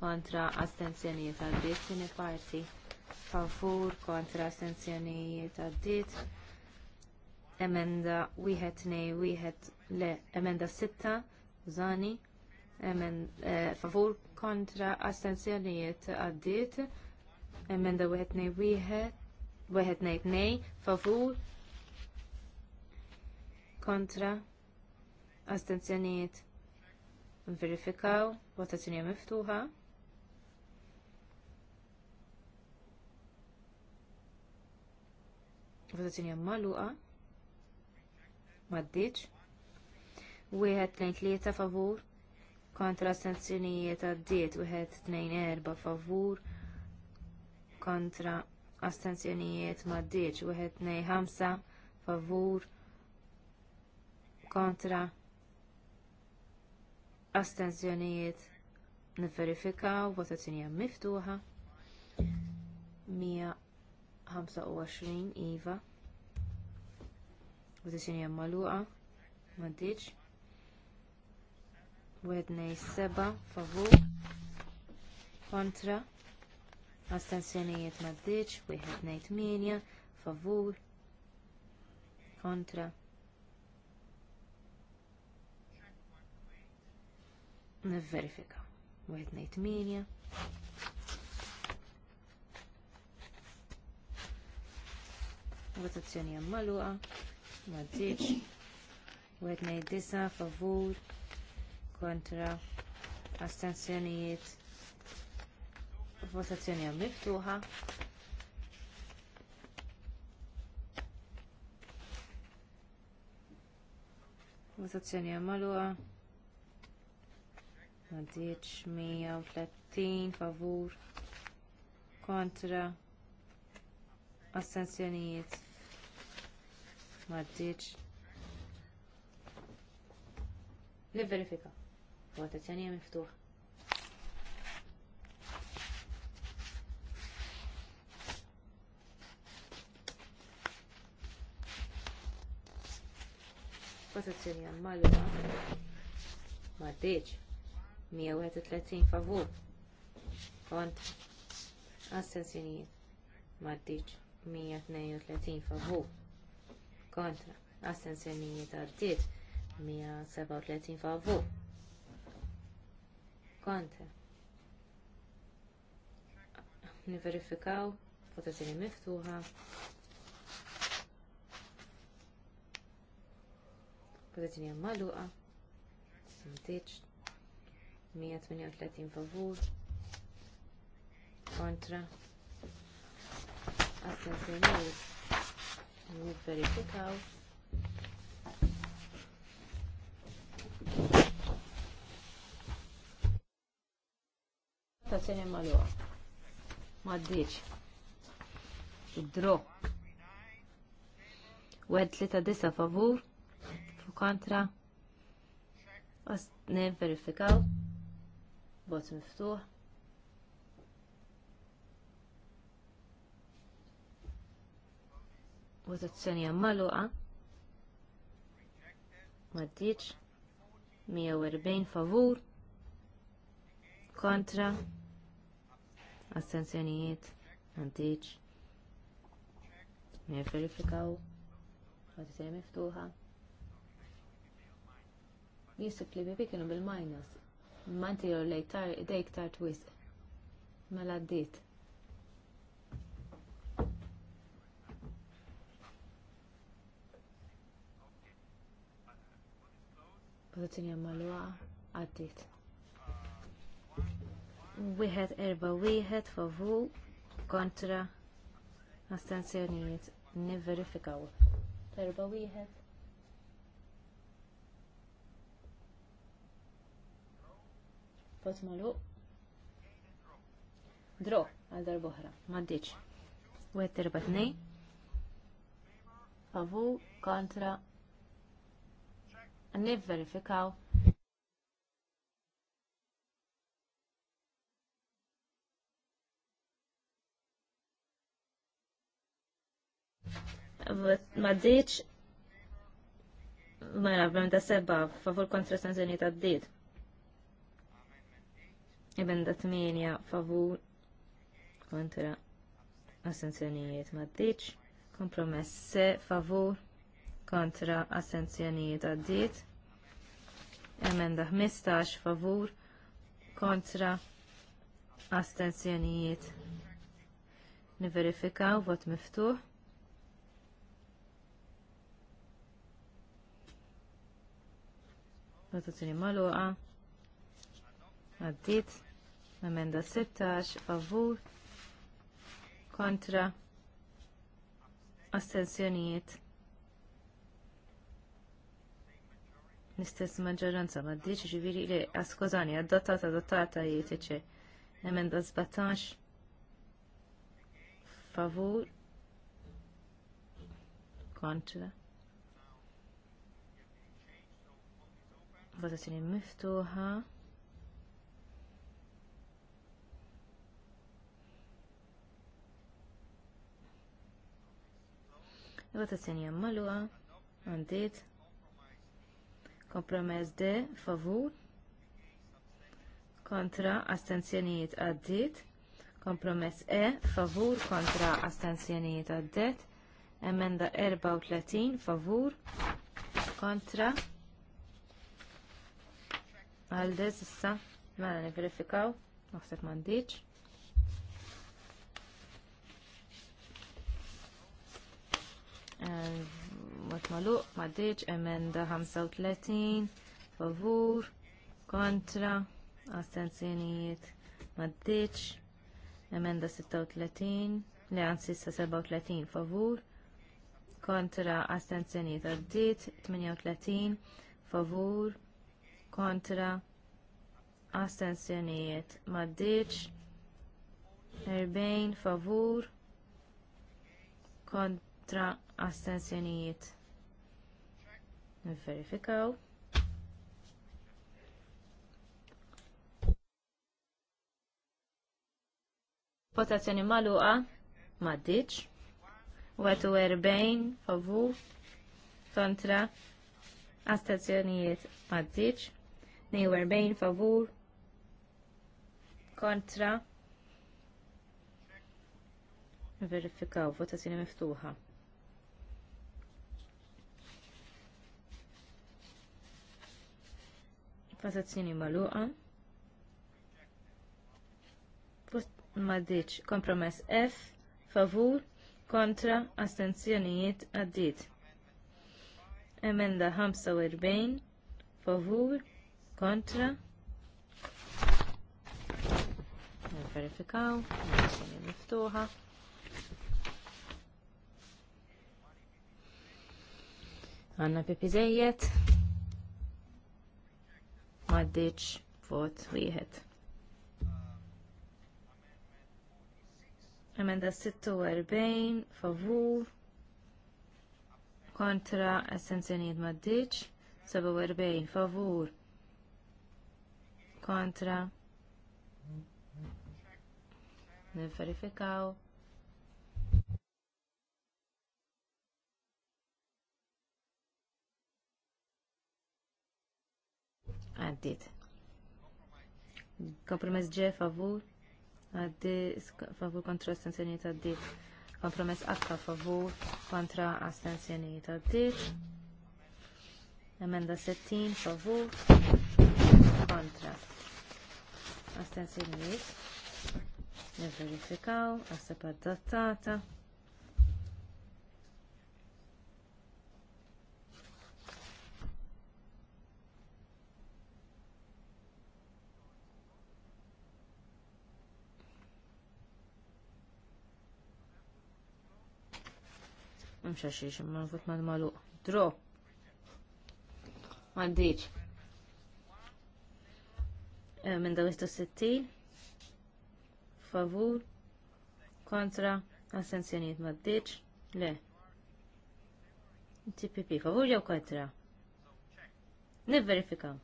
S1: kontra astensjonijiet għaddiet tieni parti favur kontra astensjonijiet għaddiet emenda wieħed nej wieħed le emenda sitta Zani eh, favur kontra astensjonijiet għaddiet emenda wieħed nej wieħed Weħed nejt nej, favur kontra astenzjonijiet. Verifikaw, votazzjoni miftuħa. Votazzjoni magħluqa. Maddiċ. Wieħed tnejn lieta favur kontra astenzjonijiet għaddiet, wieħed tnejn erba' favur kontra astenzjonijiet maddiċ, wieħed nej ħamsa favur kontra astenzjonijiet nifferifika u votazzjonija miftuħa 125 iva votazzjonija maluqa maddiċ m'għaddiġ wieħed seba' favur kontra astensjonijiet maddiċ, wieħed ngħid minja, favur, kontra. Nivverifika. Wieħed ngħid minja. Votazzjoni hemm magħluqa, maddiċ, wieħed ngħid disa, favur, kontra, astensjonijiet votazzjoni għam miftuħa. Votazzjoni għam maluqa. Għaddiċ 130 favur kontra astensjonijiet. Għaddiċ. Niverifika. Votazzjoni miftuħa. astensjoni għal Malta maddiċ 131 favur kontra astensjonijiet maddiċ 132 favur kontra astensjonijiet għaddiet 137 favur kontra niverifikaw votazzjoni miftuħa Votazzjoni magħluqa. Sintitx. 138 favur. Kontra. Astenzjonijiet. Nivverifikaw. Votazzjoni maluqa. Maddiċ. Id-drop. Wed tlieta disa favur kontra Nejn verifikaw. Bot miftuħ. Votazzjoni għammaluqa. Maddiċ. 140 favur. Kontra. Astenzjonijiet. Maddiċ. Nejn verifikaw. Votazzjoni miftuħa. Jisib li bibi kienu bil-minus. Manti jor lej tar, dejk tar twist. Mela d-dit. Pozizjoni għamalwa għaddit. Wieħed erba wieħed favu kontra astensjonijiet niverifikaw. Erba wieħed vot magħluq. Dro għal darbohra, maddiċ. Wet erba' tnej. Favur kontra. Għannif verifikaw. Maddiċ. ma mela, rabem da seba favur kontra sanzjoni ta' ddit. Emenda 8 favur kontra assenzjonijiet maddiċ. Kompromess se favur kontra assenzjonijiet għaddiet. Emenda 15 favur kontra astenzjonijiet. Niverifikaw vot miftuħ. Votazzjoni maluqa. Għaddit. Emenda 16, favur, kontra, astensjonijiet. Nistess maġġoranza ma ddiċ ġiviri li askozani ah, adottata adottata jitiċe. Emenda 17, favur, kontra. Votazzjoni miftuħa. votazzjoni jammalua, għandit, kompromess D, favur, kontra astenzjonijiet għaddit, kompromess E, favur kontra astenzjonijiet għaddit, emenda 34, favur, kontra, għaldez issa, mela niverifikaw, naħseb mandiċ. Eh, Mot maluq, maddiċ, emenda 35, favur, kontra, astenzjonijiet, maddiċ, emenda 36, le għansi 37, favur, kontra, astenzjonijiet, għaddit, 38, favur, kontra, astenzjonijiet, maddiċ, 40, favur, kontra, kontra astensjonijiet. Nifverifikaw. Votazzjoni maluqa maddiċ. erbejn favu kontra astazzjonijiet maddiċ. erbejn favur kontra verifikaw votazzjoni miftuħa. transazzjoni maluqa. Maddiċ, kompromess F, favur, kontra, astenzjonijiet għaddit. Emenda 45, favur, kontra. Verifikaw, miftuħa. Għanna għaddiċ vot wieħed. Emenda 46 favur kontra assenzjonijiet maddiċ 47 favur kontra nifverifikaw għaddit. Kompromess ġe favur għaddit favur kontra astensjonijiet għaddit. Kompromess akka favur kontra astensjonijiet għaddit. Emenda 60 favur kontra astensjonijiet. Nivverifikaw, għasab adottata. Mxa xiex, ma nfut ma maluq. Dro. Għaddiċ. Minn da 60. Favur. Kontra. Assenzjoniet ma ddiċ. Le. TPP. Favur jew kontra? Nivverifikaw.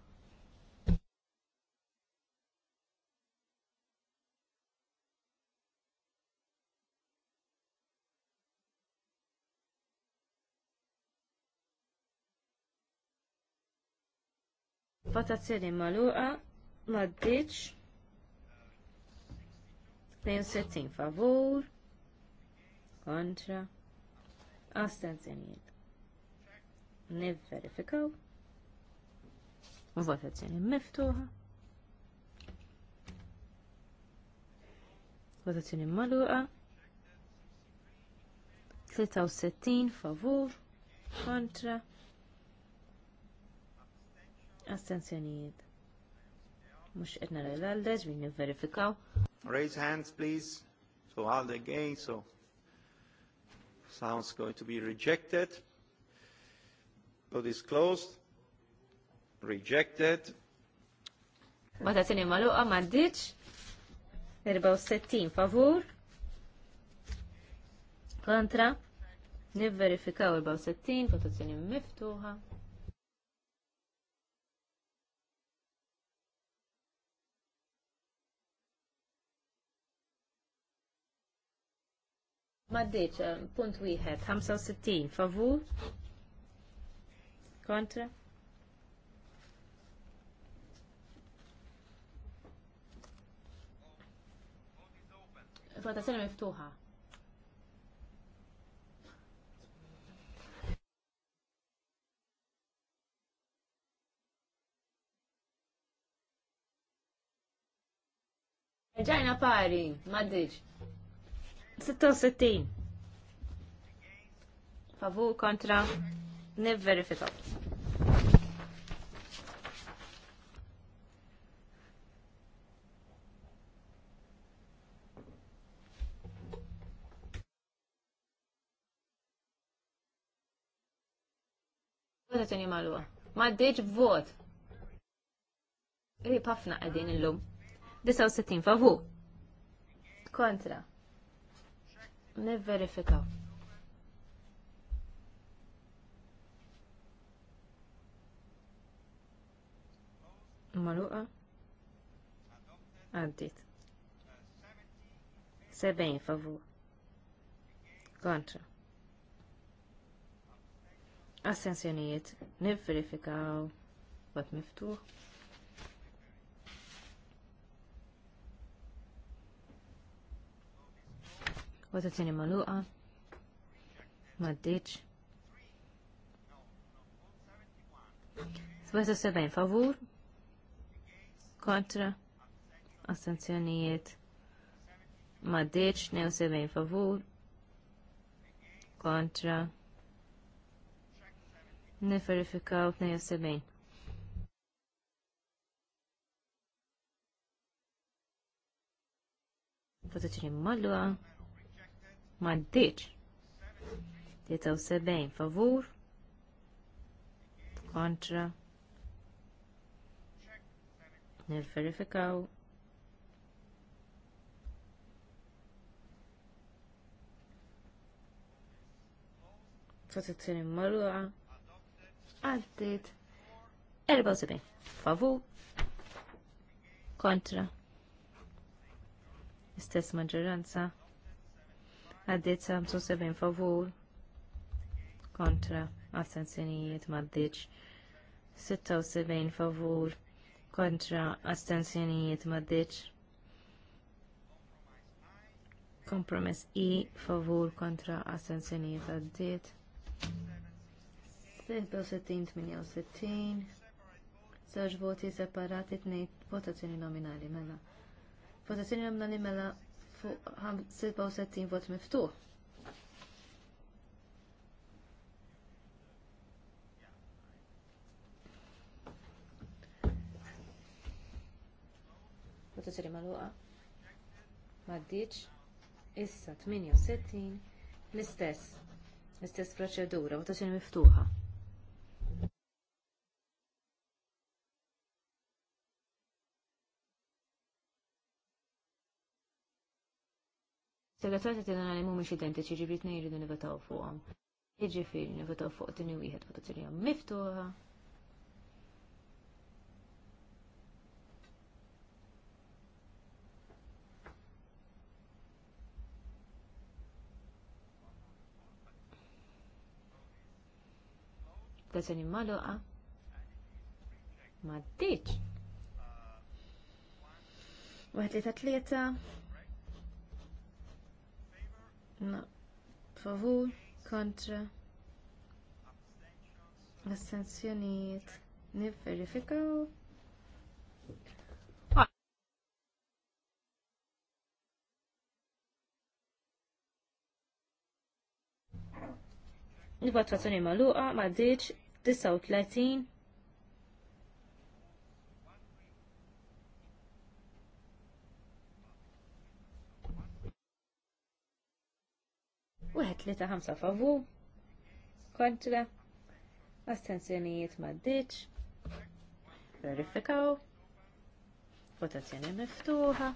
S1: patazzjoni maluqa maddiċ 62 favur kontra astenzjoniet. Nivverifikaw. Votazzjoni miftuħa. Votazzjoni maluqa. 63 favur kontra Astenzjonijiet. Mux etna l-għaldeġ, min verifikaw. Raise hands, please. So all the again, so sounds going to be rejected. Vote is closed.
S2: Rejected.
S1: Mata t-tini maluqa maddiċ. 64 favur. Kontra. Nivverifikaw 64, votazzjoni miftuħa. Maddeċ, eh, punt wieħed, 65, favur? Kontra? Votazzjoni miftuħa. Ġajna pari, maddiċ. 66. Favur kontra nivverifikaw. Vota tani malwa. Ma d-deġ vot. Rib ħafna għadin l-lum. 69 favur. Kontra nivverifikaw. Maluqa? Għaddit. Sebejn favu. Kontra. Assenzjonijiet, nivverifikaw, bat miftuħ. Wata t-tini maluqa. Maddiċ. 77 favur. Kontra. Astenzjonijiet. Maddiċ. 79 favur. Kontra. Neferifikaw. Niferifikaw 72. Votazzjoni maluqa ma ddiċ. maddiċ. sebejn favur kontra nil-verifikaw protezzjoni marruqa għaddit 74 favur kontra istess maġġoranza għaddit 75 favur kontra astensjonijiet maddiċ 76 favur kontra astensjonijiet maddiċ kompromess i favur kontra astensjonijiet għaddit 66-68 Zaġ voti separati t-nejt votazzjoni nominali mela. Votazzjoni nominali mela 67 vot miftuħ. s-seri maluqa. Maddiċ. Issa 68 l-istess. L-istess proċedura, votazzjoni miftuħa. Segretazzjoni Nazzjonali mhumiex identiċi ġibri t tnejn iridu nivetaw fuqhom. Jiġifieri nivetaw fuq tieni wieħed votazzjoni hemm miftuħa. t Votazzjoni maluqa. Ma ddiċ. Waħed li ta' t-lieta. No. Favur kontra astensjonijiet nifverifikaw. Nivvotazzjoni maluqa, ma' diċ 39 Uħet li ta' ħamsa favu? kontra astenzjonijiet maddiċ. Verifikaw. Votazzjoni miftuħa.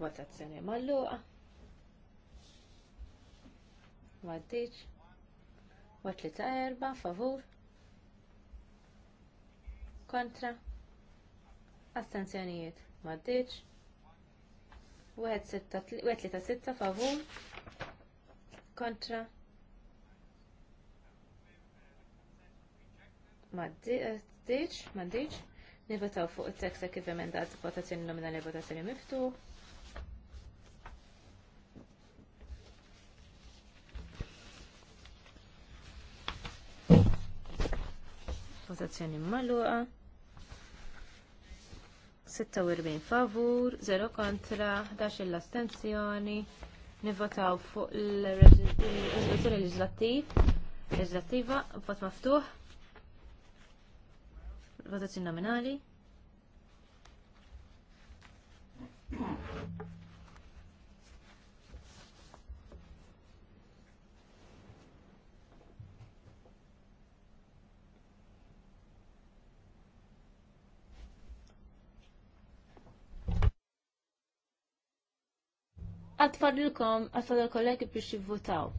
S1: Votazzjoni malluqa. Maddiċ. Uħet li ta' erba, favur. Kontra. Astenzjonijiet. Maddiċ sitta favur kontra maddiċ, eh, maddiċ, nivotaw fuq il-teksta kif emendat votazzjoni nominali votazzjoni miftu. Votazzjoni maluqa. 46 favur, 0 kontra, 11 l-astenzjoni. Nivvotaw fuq l-rezoluzjoni leġislattiv, leġislattiva, vot maftuħ, votazzjoni nominali. għatfadilkom għatfad il-kollegi biex jivvotaw.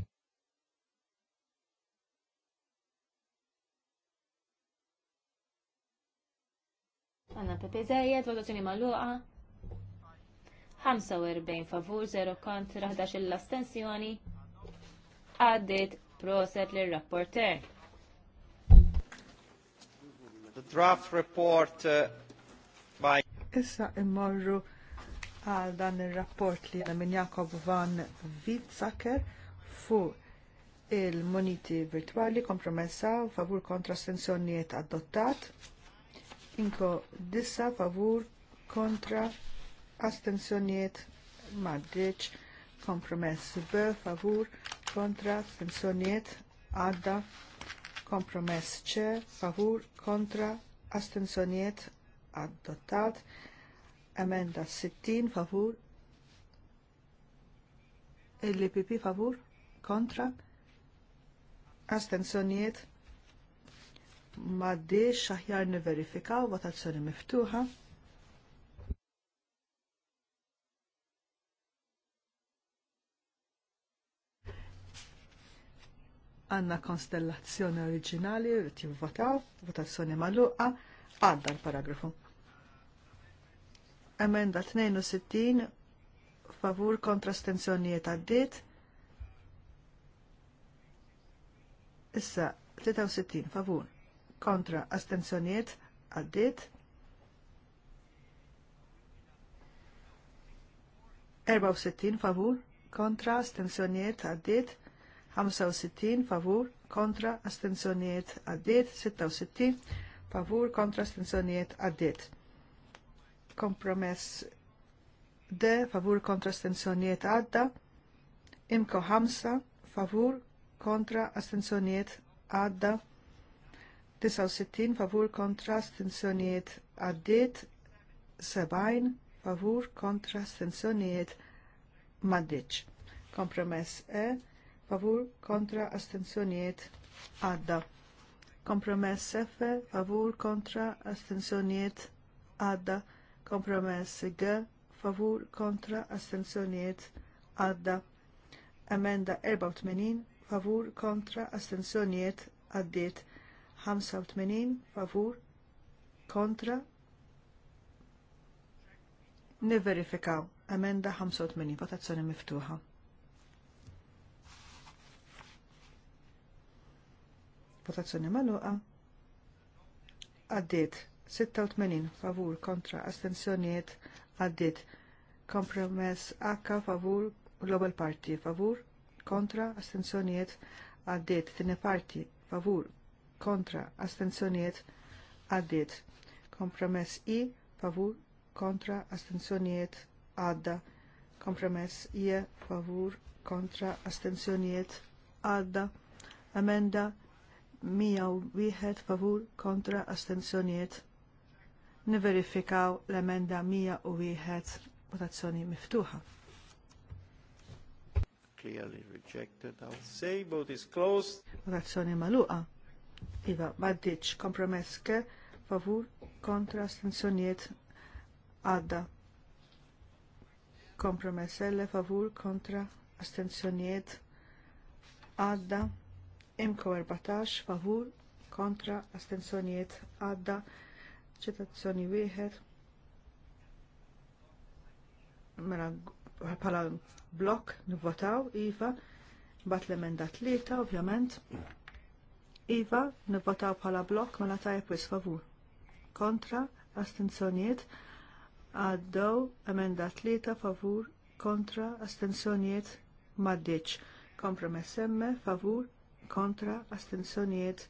S1: Għanna Pepe Zajed, votazzjoni maluqa. 45 favur, 0 kontra, 11 l-astensjoni. Għaddit proset
S2: l-rapporter. The draft report uh, by... Issa immorru għal dan il-rapport li għana minn Jakob van Wietzaker fu il-moniti virtuali kompromessa favur kontra stenzjonijiet adottat. Inko dissa favur kontra astenzjonijiet maddiċ kompromess b favur kontra astenzjonijiet għadda kompromess c favur kontra astenzjonijiet adottat. Emenda 60 favur. Il-PP favur. Kontra. Astenzjonijiet. Maddiex aħjar niverifikaw votazzjoni miftuħa. Għanna konstellazzjoni oriġinali, votaw, votazzjoni maluqa, għadda l-paragrafu. Emenda 62 favur kontra stenzjonijiet għaddit. Issa 63 favur kontra astenzjonijiet għaddit. 64 favur kontra astenzjonijiet għaddit. 65 favur kontra astenzjonijiet, għaddit. 66 favur kontra astenzjonijiet għaddit. Kompromess D favur kontra astensjonijiet għadda. Imko 5 favur kontra astensjonijiet għadda. 69 favur kontra astensjonijiet għaddit, 70 favur kontra astensjonijiet maddiċ. Kompromess E favur kontra astensjonijiet għadda. Kompromess F favur kontra astensjonijiet għadda Kompromess G favur kontra astensjonijiet għadda. Emenda 84 favur kontra astensjonijiet għaddiet. 85 favur kontra Niverifikaw emenda 85 votazzjoni miftuħa. Votazzjoni maluqa. Għaddiet 86 favur kontra astensjoniet għaddit kompromess H favur global party favur kontra astensjoniet għaddit Tine parti favur kontra astensjoniet għaddit kompromess I favur kontra astensjoniet għadda kompromess I favur kontra astensjoniet għadda amenda 101 favur kontra astensjoniet niverifikaw l-emenda 101 votazzjoni miftuħa.
S1: Clearly rejected. I'll say vote is closed.
S2: Votazzjoni maluqa. Iva, baddiċ, kompromesske, favur, kontra, stenzjoniet, għadda. Kompromesselle, favur, kontra, astenzjoniet, għadda. Imko 14, favur, kontra, astenzjoniet, għadda ċitazzjoni wieħed. Mela bħala blok nivvotaw iva bat l-emenda tlieta ovvjament. Iva nivvotaw bħala blok mela tajjeb wis favur. Kontra astenzjonijiet għaddew emenda tlieta favur kontra astenzjonijiet maddiċ. Kompromess emme favur kontra astenzjonijiet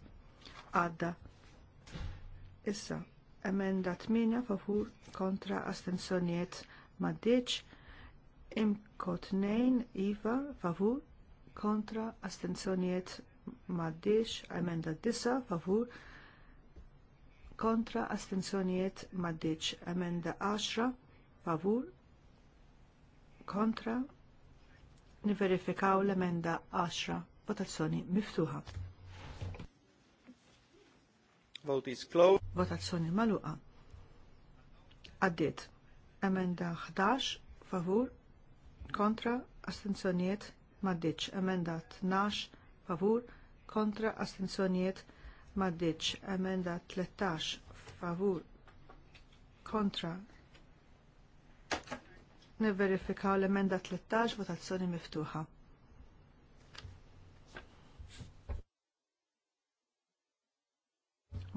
S2: għadda. Issa, Emenda 8 favur kontra astensjonijiet maddiċ. Imko 2 Iva favur kontra astensjonijiet maddiċ. Emenda disa, favur kontra astensjonijiet maddiċ. Emenda 10 favur kontra niverifikaw l-emenda 10 votazzjoni miftuħa. Vote is closed. Votazzjoni maluqa. Għaddit. Emenda 11 favur kontra astenzjoniet, maddiċ. Emenda 12 favur kontra astenzjoniet, maddiċ. Emenda 13 favur kontra Nivverifikaw l-emenda 13 votazzjoni miftuħa.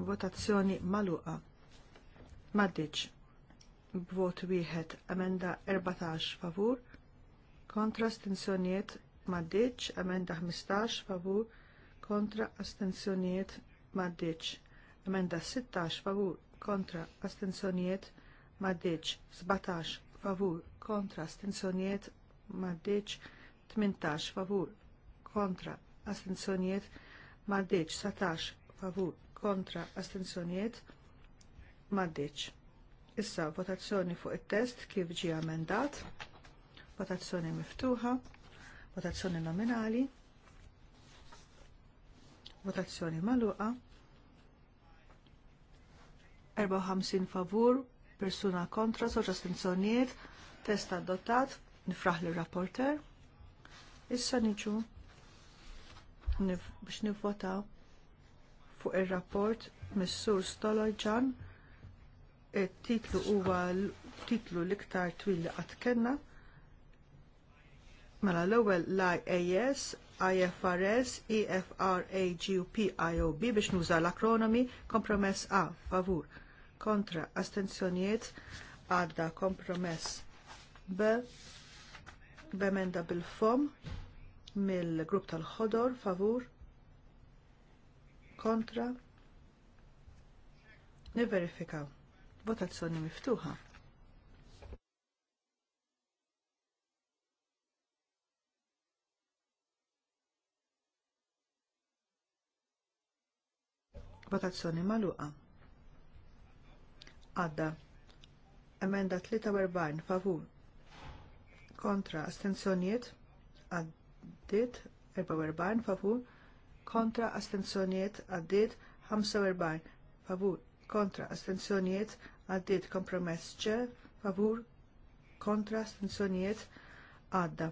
S2: votazzjoni maluqa. Maddiċ, b'vot wieħed emenda 14 favur, kontra astensjonijiet maddiċ, emenda 15 favur, kontra astensjonijiet maddiċ, emenda 16 favur, kontra astensjonijiet maddiċ, 17 favur, kontra astensjonijiet maddiċ, 18 favur, kontra astensjonijiet maddiċ, 17 favur, kontra astenzjoniet maddiċ. Issa votazzjoni fuq it-test kif ġie amendat, votazzjoni miftuħa, votazzjoni nominali, votazzjoni magħluqa. 54 favur, persuna kontra, soċ astenzjoniet, test adottat, nifraħ li rapporter. Issa niġu biex nivvotaw fuq ir-rapport mis-sur Stoloġan it-titlu huwa titlu l-iktar twil li qatt kellna. Mela l-ewwel l-IAS, IFRS, EFRAGUP, IOB biex nuża l-akronomi kompromess A favur kontra astenzjonijiet għadda kompromess B b'emenda bil-fom mill-grupp tal-ħodor favur kontra niverifikaw. Votazzjoni miftuħa. Votazzjoni maluqa. Għadda. Emenda 43 favur. Kontra astenzjonijiet għaddit 44 favur kontra astenzjonijiet għaddiet 45 favur kontra astenzjonijiet għaddiet kompromess ċe favur kontra astenzjonijiet għadda.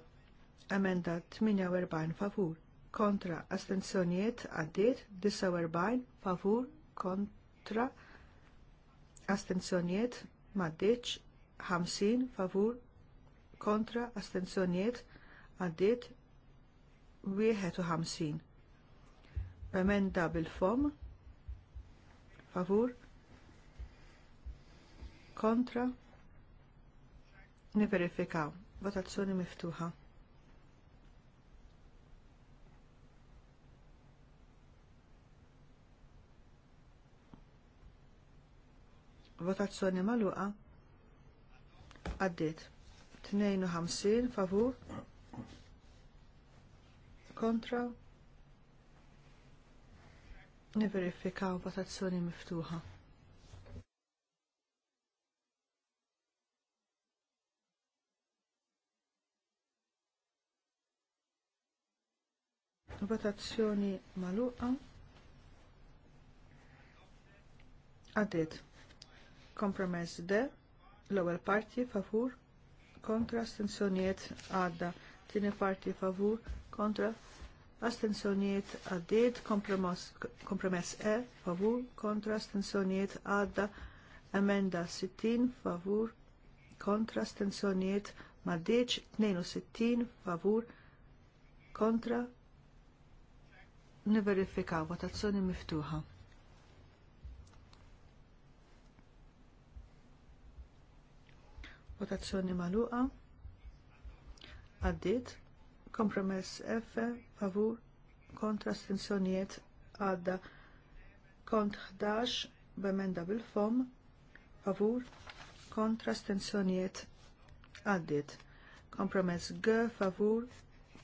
S2: Emenda 48 favur kontra astenzjonijiet għaddiet 49 favur kontra astenzjonijiet maddiċ 50 favur kontra astenzjonijiet għaddiet 51 Emenda bil-fom. Favur. Kontra. Niverifikaw. Votazzjoni miftuħa. Votazzjoni maluqa. Għaddit. 52 favur. Kontra Niverifikaw votazzjoni miftuħa. Votazzjoni maluqa. Għaddit. Kompromess D. L-ewwel parti favur kontra astensjonijiet għadda. Tieni parti favur kontra astensjoniet għaddit, kompromess E, favur, kontra, astensjoniet għadda, emenda 60, favur, kontra, astensjoniet maddeċ 62, favur, kontra, niverifikaw, votazzjoni miftuħa. Votazzjoni maluqa, Għaddit. Kompromess F, favur, kontra astensjonijiet għadda. Kont 11, b'emenda bil-fom, favur, kontra astensjonijiet għaddit. Kompromess G, favur,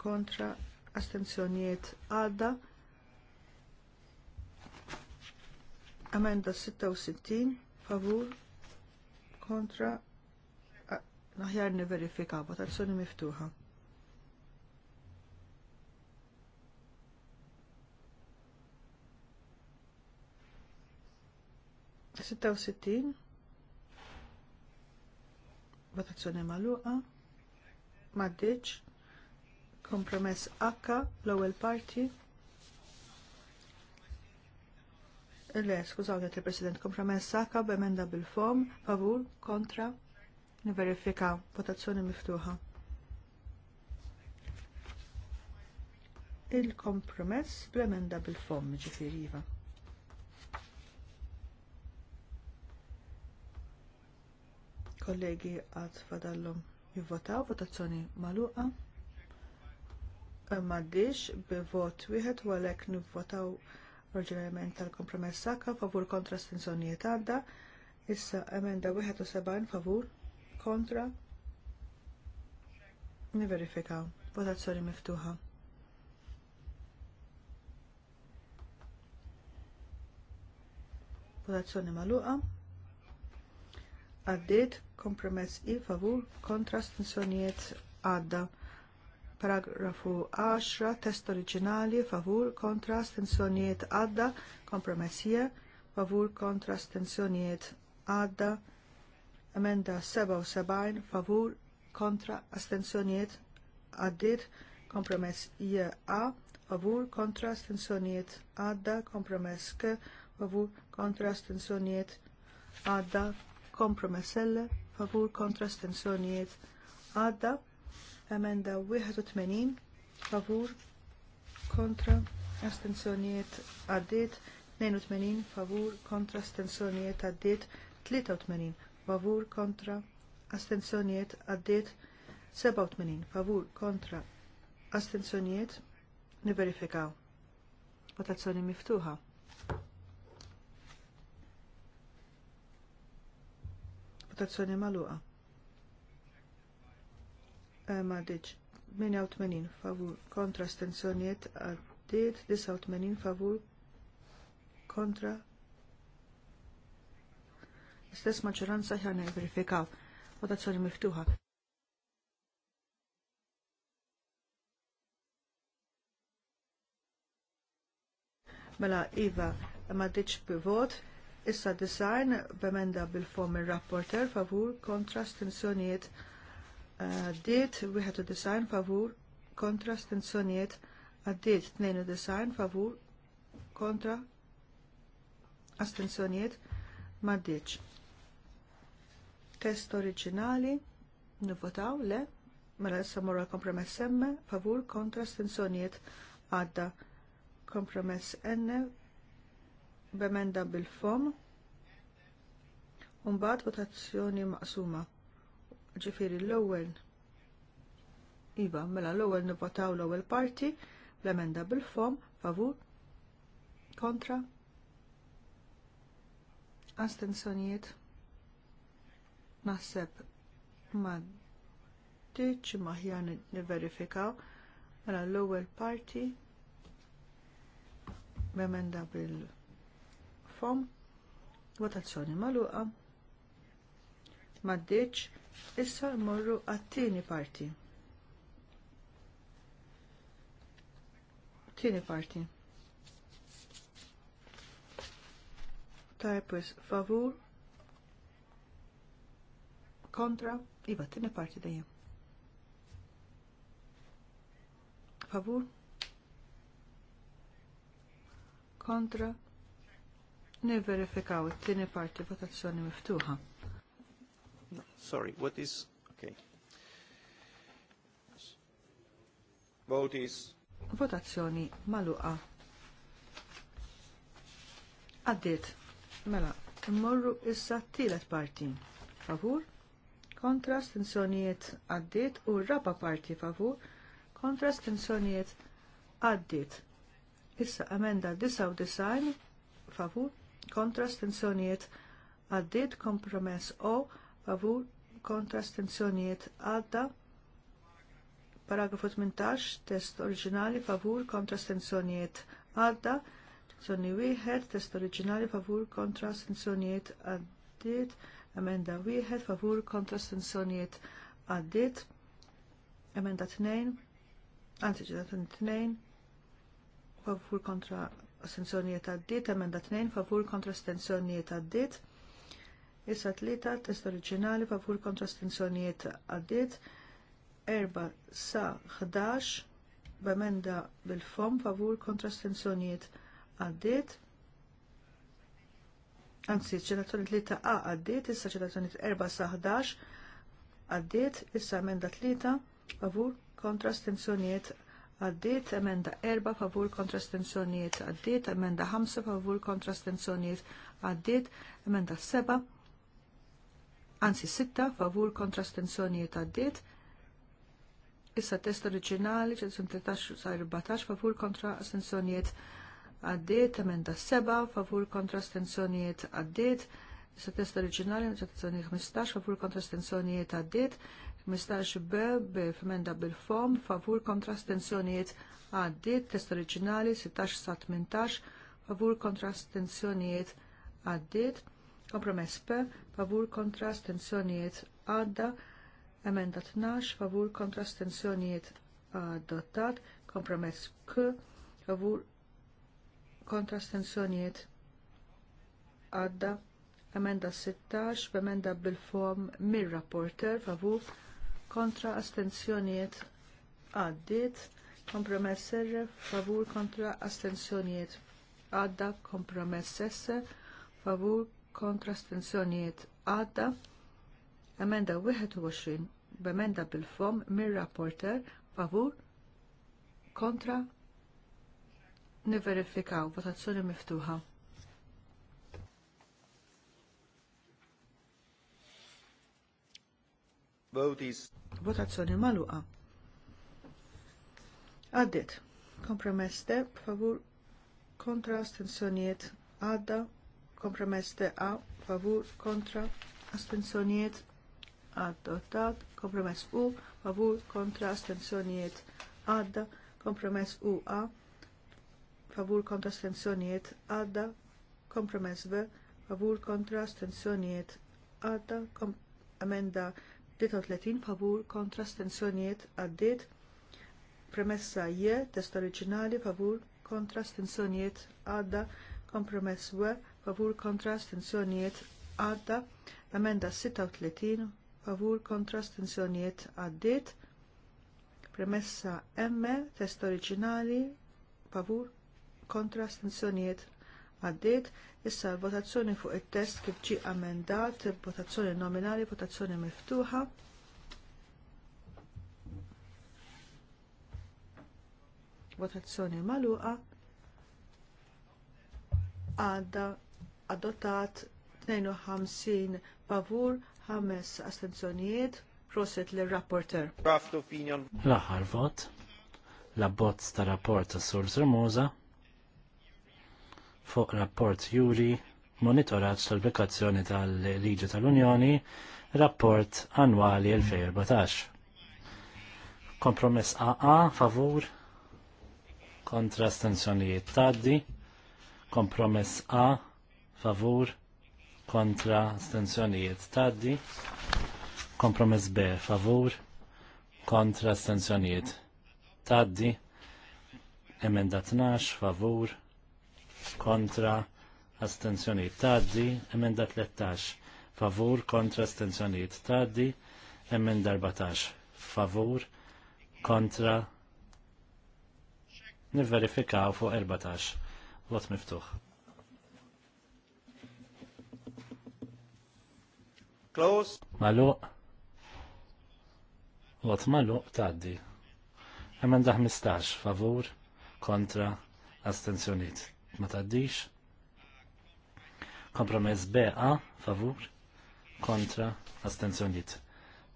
S2: kontra astenzjoniet għadda. Amenda 66, favur, kontra, naħjar verifika votazzjoni miftuħa. 66 votazzjoni maluqa maddeċ kompromess H l-ewwel parti Le, skużawni il president kompromess H b'emenda bil-fom, favur, kontra, niverifika, votazzjoni miftuħa. Il-kompromess b'emenda bil-fom, ġifiriva. kollegi għad fadallum jivvotaw votazzjoni maluqa. Maddix bi vot wieħed u għalhekk nivvotaw oriġinarjament tal-kompromess sakka favur kontra stenzjonijiet għadda. Issa emenda 71 favur kontra Niverifikaw. Votazzjoni miftuħa. Votazzjoni maluqa għaddiet kompromess i favur kontra astensjonijiet għadda. Paragrafu 10, test oriġinali, favur kontra astensjonijiet għadda, kompromessija, favur kontra astensjonijiet għadda, emenda 77, favur kontra astensjonijiet għaddiet, kompromess IA, favur kontra astensjonijiet għadda, kompromess K, favur kontra astensjonijiet għadda, kompromess L favur kontra stensjonijiet għadda emenda 81 favur kontra astensjonijiet għaddit 82 favur kontra astensjonijiet għaddit 83 favur kontra astensjonijiet għaddit 87 favur kontra astensjonijiet niverifikaw. Votazzjoni miftuħa. reputazzjoni maluqa. Eh, ma diċ, 88 favur kontra stenzjoniet għaddit, 89 favur kontra Istess maġġoranza ħana verifikaw. Votazzjoni miftuħa. Mela, Iva, ma diċ bivot, Issa design b'emenda bil-fom il-rapporter favur kontra stenzjonijiet għaddiet eh, uh, wieħed design favur kontra stenzjonijiet għaddiet tnejn u design favur kontra astenzjoniet maddiċ. Test oriġinali nivvotaw le mela issa morra kompromess semme favur kontra stenzjonijiet għadda kompromess enne b'emenda bil-fom u mbagħad votazzjoni maqsuma. Ġifiri l-ewwel Iva, mela l-ewwel nivvotaw l-ewwel parti l-emenda bil-fom favur kontra astensjonijiet naħseb ma tiċ maħjar niverifikaw mela l-ewwel parti b'emenda bil-fom tagħhom. Votazzjoni magħluqa. m'għaddiex issa mmorru għat-tieni parti. Tieni parti. Tajpus favur kontra iva tieni parti dejjem. Favur kontra niverifikaw it-tieni parti votazzjoni miftuħa. sorry, what is okay. Vote is Votazzjoni maluqa. Għaddiet. Mela, immorru issa t-tielet parti. Favur? Kontra stenzjonijiet għaddiet u raba parti favur kontra stenzjonijiet għaddiet. Issa amenda 99 favur kontrast stenzjonijiet għaddit kompromess o favur kontrast stenzjonijiet għadda paragrafu 18 test oriġinali favur kontrast stenzjonijiet għadda Sonni wieħed, test oriġinali favur kontrast stenzjonijiet għaddit, emenda wieħed favur kontrast stenzjonijiet għaddit, emenda 2 anzi ġedat tnejn, favur kontra astensjonijiet għaddit, emenda 2 favur kontra astensjonijiet għaddit, issa tlita test oriġinali favur kontra astensjonijiet għaddit, Erba sa 11 b'emenda bil-fom favur kontra astensjonijiet għaddit, Anzi, ċenazzjoni tlita A għaddit, issa ċenazzjoni 4 sa 11 għaddit, issa emenda tlita, favur kontra astensjonijiet għaddiet emenda 4 favur kontra stenzjoniet, għaddiet emenda 5 favur kontra stenzjoniet, għaddiet emenda 7 anzi 6 favur kontra stenzjoniet, għaddiet issa test oriġinali 13-14 favur kontra stenzjoniet, għaddiet emenda 7 favur kontra stenzjoniet, għaddiet Issa test oriġinali, sezzjoni 15, favur kontra stenzjoniet, għaddiet, 15 b f'emenda bil-fom favur kontra stenzjonijiet għaddit, test oriġinali 16 sa 18 favur kontra stenzjonijiet għaddit, kompromess P favur kontra stenzjonijiet għadda, emenda 12 favur kontra stenzjonijiet għaddotat, kompromess K favur kontra stenzjonijiet għadda, emenda 16 femenda bil-fom mir-rapporter favur kontra astenzjoniet għaddit, kompromess R, favur kontra astenzjoniet għadda, kompromess S, favur kontra astenzjoniet għadda, emenda 21, b'emenda bil-fom mir-rapporter, favur kontra niverifikaw votazzjoni miftuħa. Vote Votazzjoni maluqa. Għaddit. Kompromess de favur kontra astensjoniet. għadda. Kompromess de a favur kontra astensjoniet. adottat. Kompromess u favur kontra astensjoniet. għadda. Kompromess u a favur kontra astensjoniet. għadda. Kompromess b favur kontra astensjoniet. għadda. Kom 33 favur kontra stensjonijiet għaddiet premessa je test oriġinali favur kontra stensjonijiet għadda kompromess we favur kontra stensjonijiet għadda amenda 36 favur kontra stensjonijiet għaddiet premessa M test oriġinali favur kontra stensjonijiet għaddiet, issa l votazzjoni fuq it test kif ġie amendat, votazzjoni nominali, votazzjoni miftuħa. Votazzjoni magħluqa. għadda adottat 52 pavur, 5 astenzjonijiet, proset l rapporter L-aħħar
S3: vot, l bozz ta' rapport ta' Sur Zermoza, fuq rapport juri monitorat tal-applikazzjoni tal-Liġi tal-Unjoni, rapport annwali 2014. Kompromess AA favur kontra stenzjonijiet taddi, kompromess A favur kontra stenzjonijiet taddi, kompromess B favur kontra stenzjonijiet taddi, emenda 12 favur kontra astenzjoniet taddi, emenda 13 favur kontra astenzjoniet taddi, emenda 14 favur kontra nivverifikaw fuq 14. Vot miftuħ. Close. Maluq. Vot malu taddi. Emenda 15 favur kontra astenzjoniet ma taddix. Kompromess B A, favur, kontra, astenzjoniet.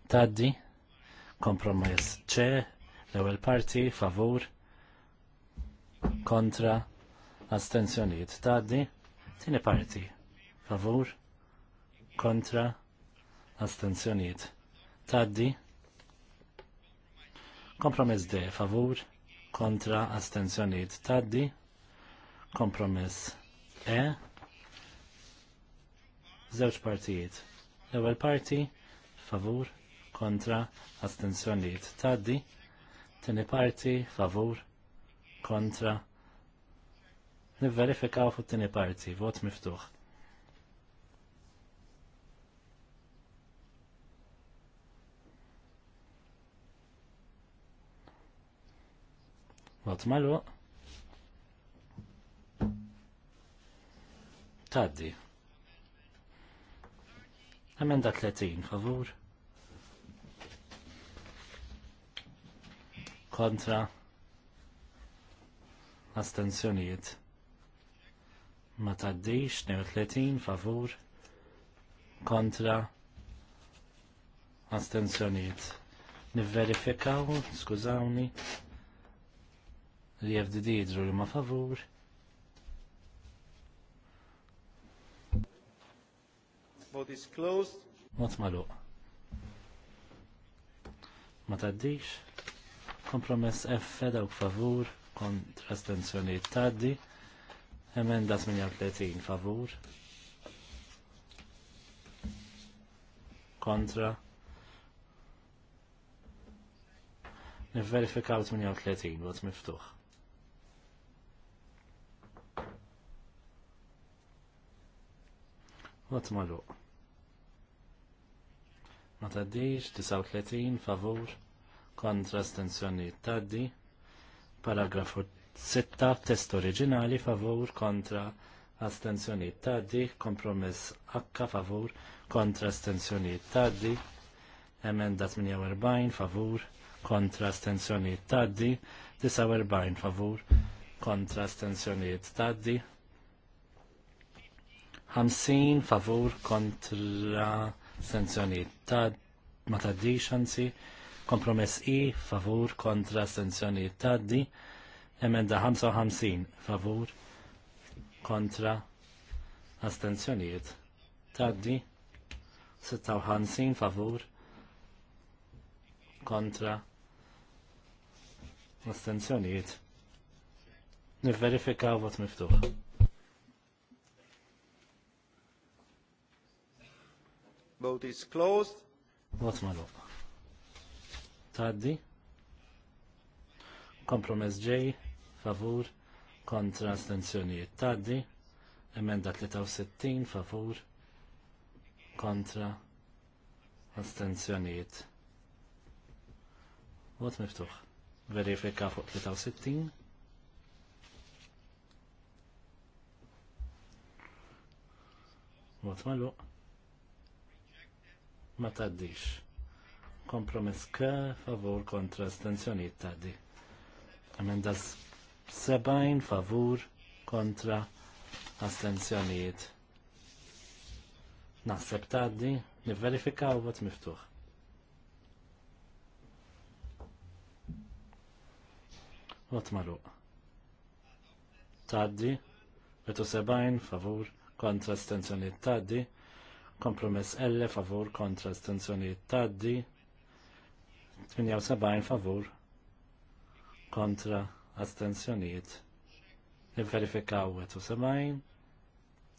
S3: Taddi, kompromess C, l-ewel parti, favur, kontra, astenzjoniet. Taddi, tini parti, favur, kontra, astenzjoniet. Taddi, kompromess D, favur, kontra, astenzjoniet. Taddi, Kompromiss. E. Żewġ partijiet. l ewel parti favur kontra astensjonijiet taddi. tini parti favur kontra Nivverifikaw fuq tieni parti, vot miftuħ. Vot maluq. Taddi. Emenda 30, favur. Kontra. Astenzjonijiet. Ma taddix, 30 favur. Kontra. Astenzjonijiet. Nivverifikaw, skużawni. Li FDD jidru li ma favur.
S1: Vote is closed.
S3: Mot malu. Ma taddix. Kompromess F fedaw favur kontra astensjonijiet taddi. Emenda 38 favur. Kontra. Nivverifikaw 38, vot miftuħ. Vot maluq ma taddix, 39 favur kontra stenzjoni taddi, paragrafu 6 test oriġinali favur kontra astenzjoni taddi, kompromess H favur kontra astensjoni taddi, emenda 48 favur kontra astensjoni taddi, 49 favur kontra astensjoniet taddi, 50 favur kontra Astenzjonijiet ta' ma taddix anzi. Kompromess I favur kontra Ta' taddi. Emenda 55 favur kontra astenzjonijiet taddi. 56 favur kontra astenzjonijiet. Nifverifikaw vot miftuħ. Vote is closed. Vote malo. Taddi. Kompromess ġej, favur, kontra astenzjonijiet. Taddi. Emenda 63, favur, kontra astenzjonijiet. Vot miftuħ. Verifika fuq 63. Vot maluq ma taddix. Kompromess ka favur kontra astenzjoniet taddi. Emenda sebajn favur kontra astenzjoniet. Naħseb taddi, nivverifikaw vot miftuħ. Vot maruq. Taddi, vetu sebajn, favur, kontra stenzjoniet taddi, Kompromess L favur kontra astenzjonijiet taddi. 78 favur kontra astenzjonijiet. Nivverifikaw 78.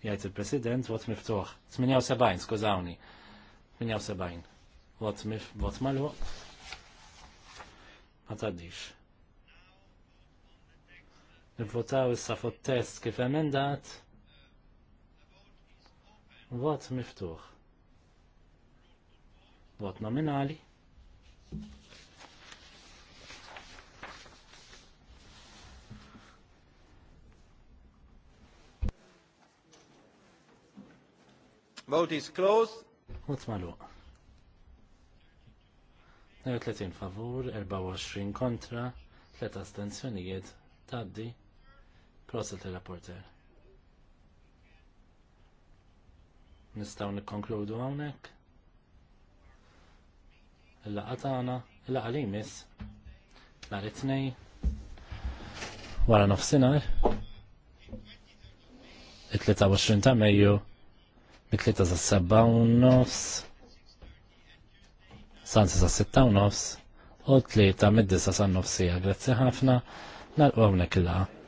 S3: Jgħid il-President, vot miftuħ. 78, skużawni. 78. Vot mif, vot malu. Ma taddix. Nivvotaw issa fuq test kif emendat. Vot miftuħ. Vot nominali.
S2: Vote is closed.
S3: Vot malu. 30 favur, 24 kontra, 3 astenzjonijiet, taddi, proset il-rapporter. Nistaw nikkonkludu hawnhekk. Il-laqa tagħna, il laqgħa li jmiss nhar it tnejn wara nofsinhar. It-23 ta' Mejju mit-tlieta sa' seba' u nofs. Sansi sa' sitta u nofs. U tlieta mid-disa sa' nofsija. Grazzi ħafna. Nalqgħu hawnhekk il-laqa.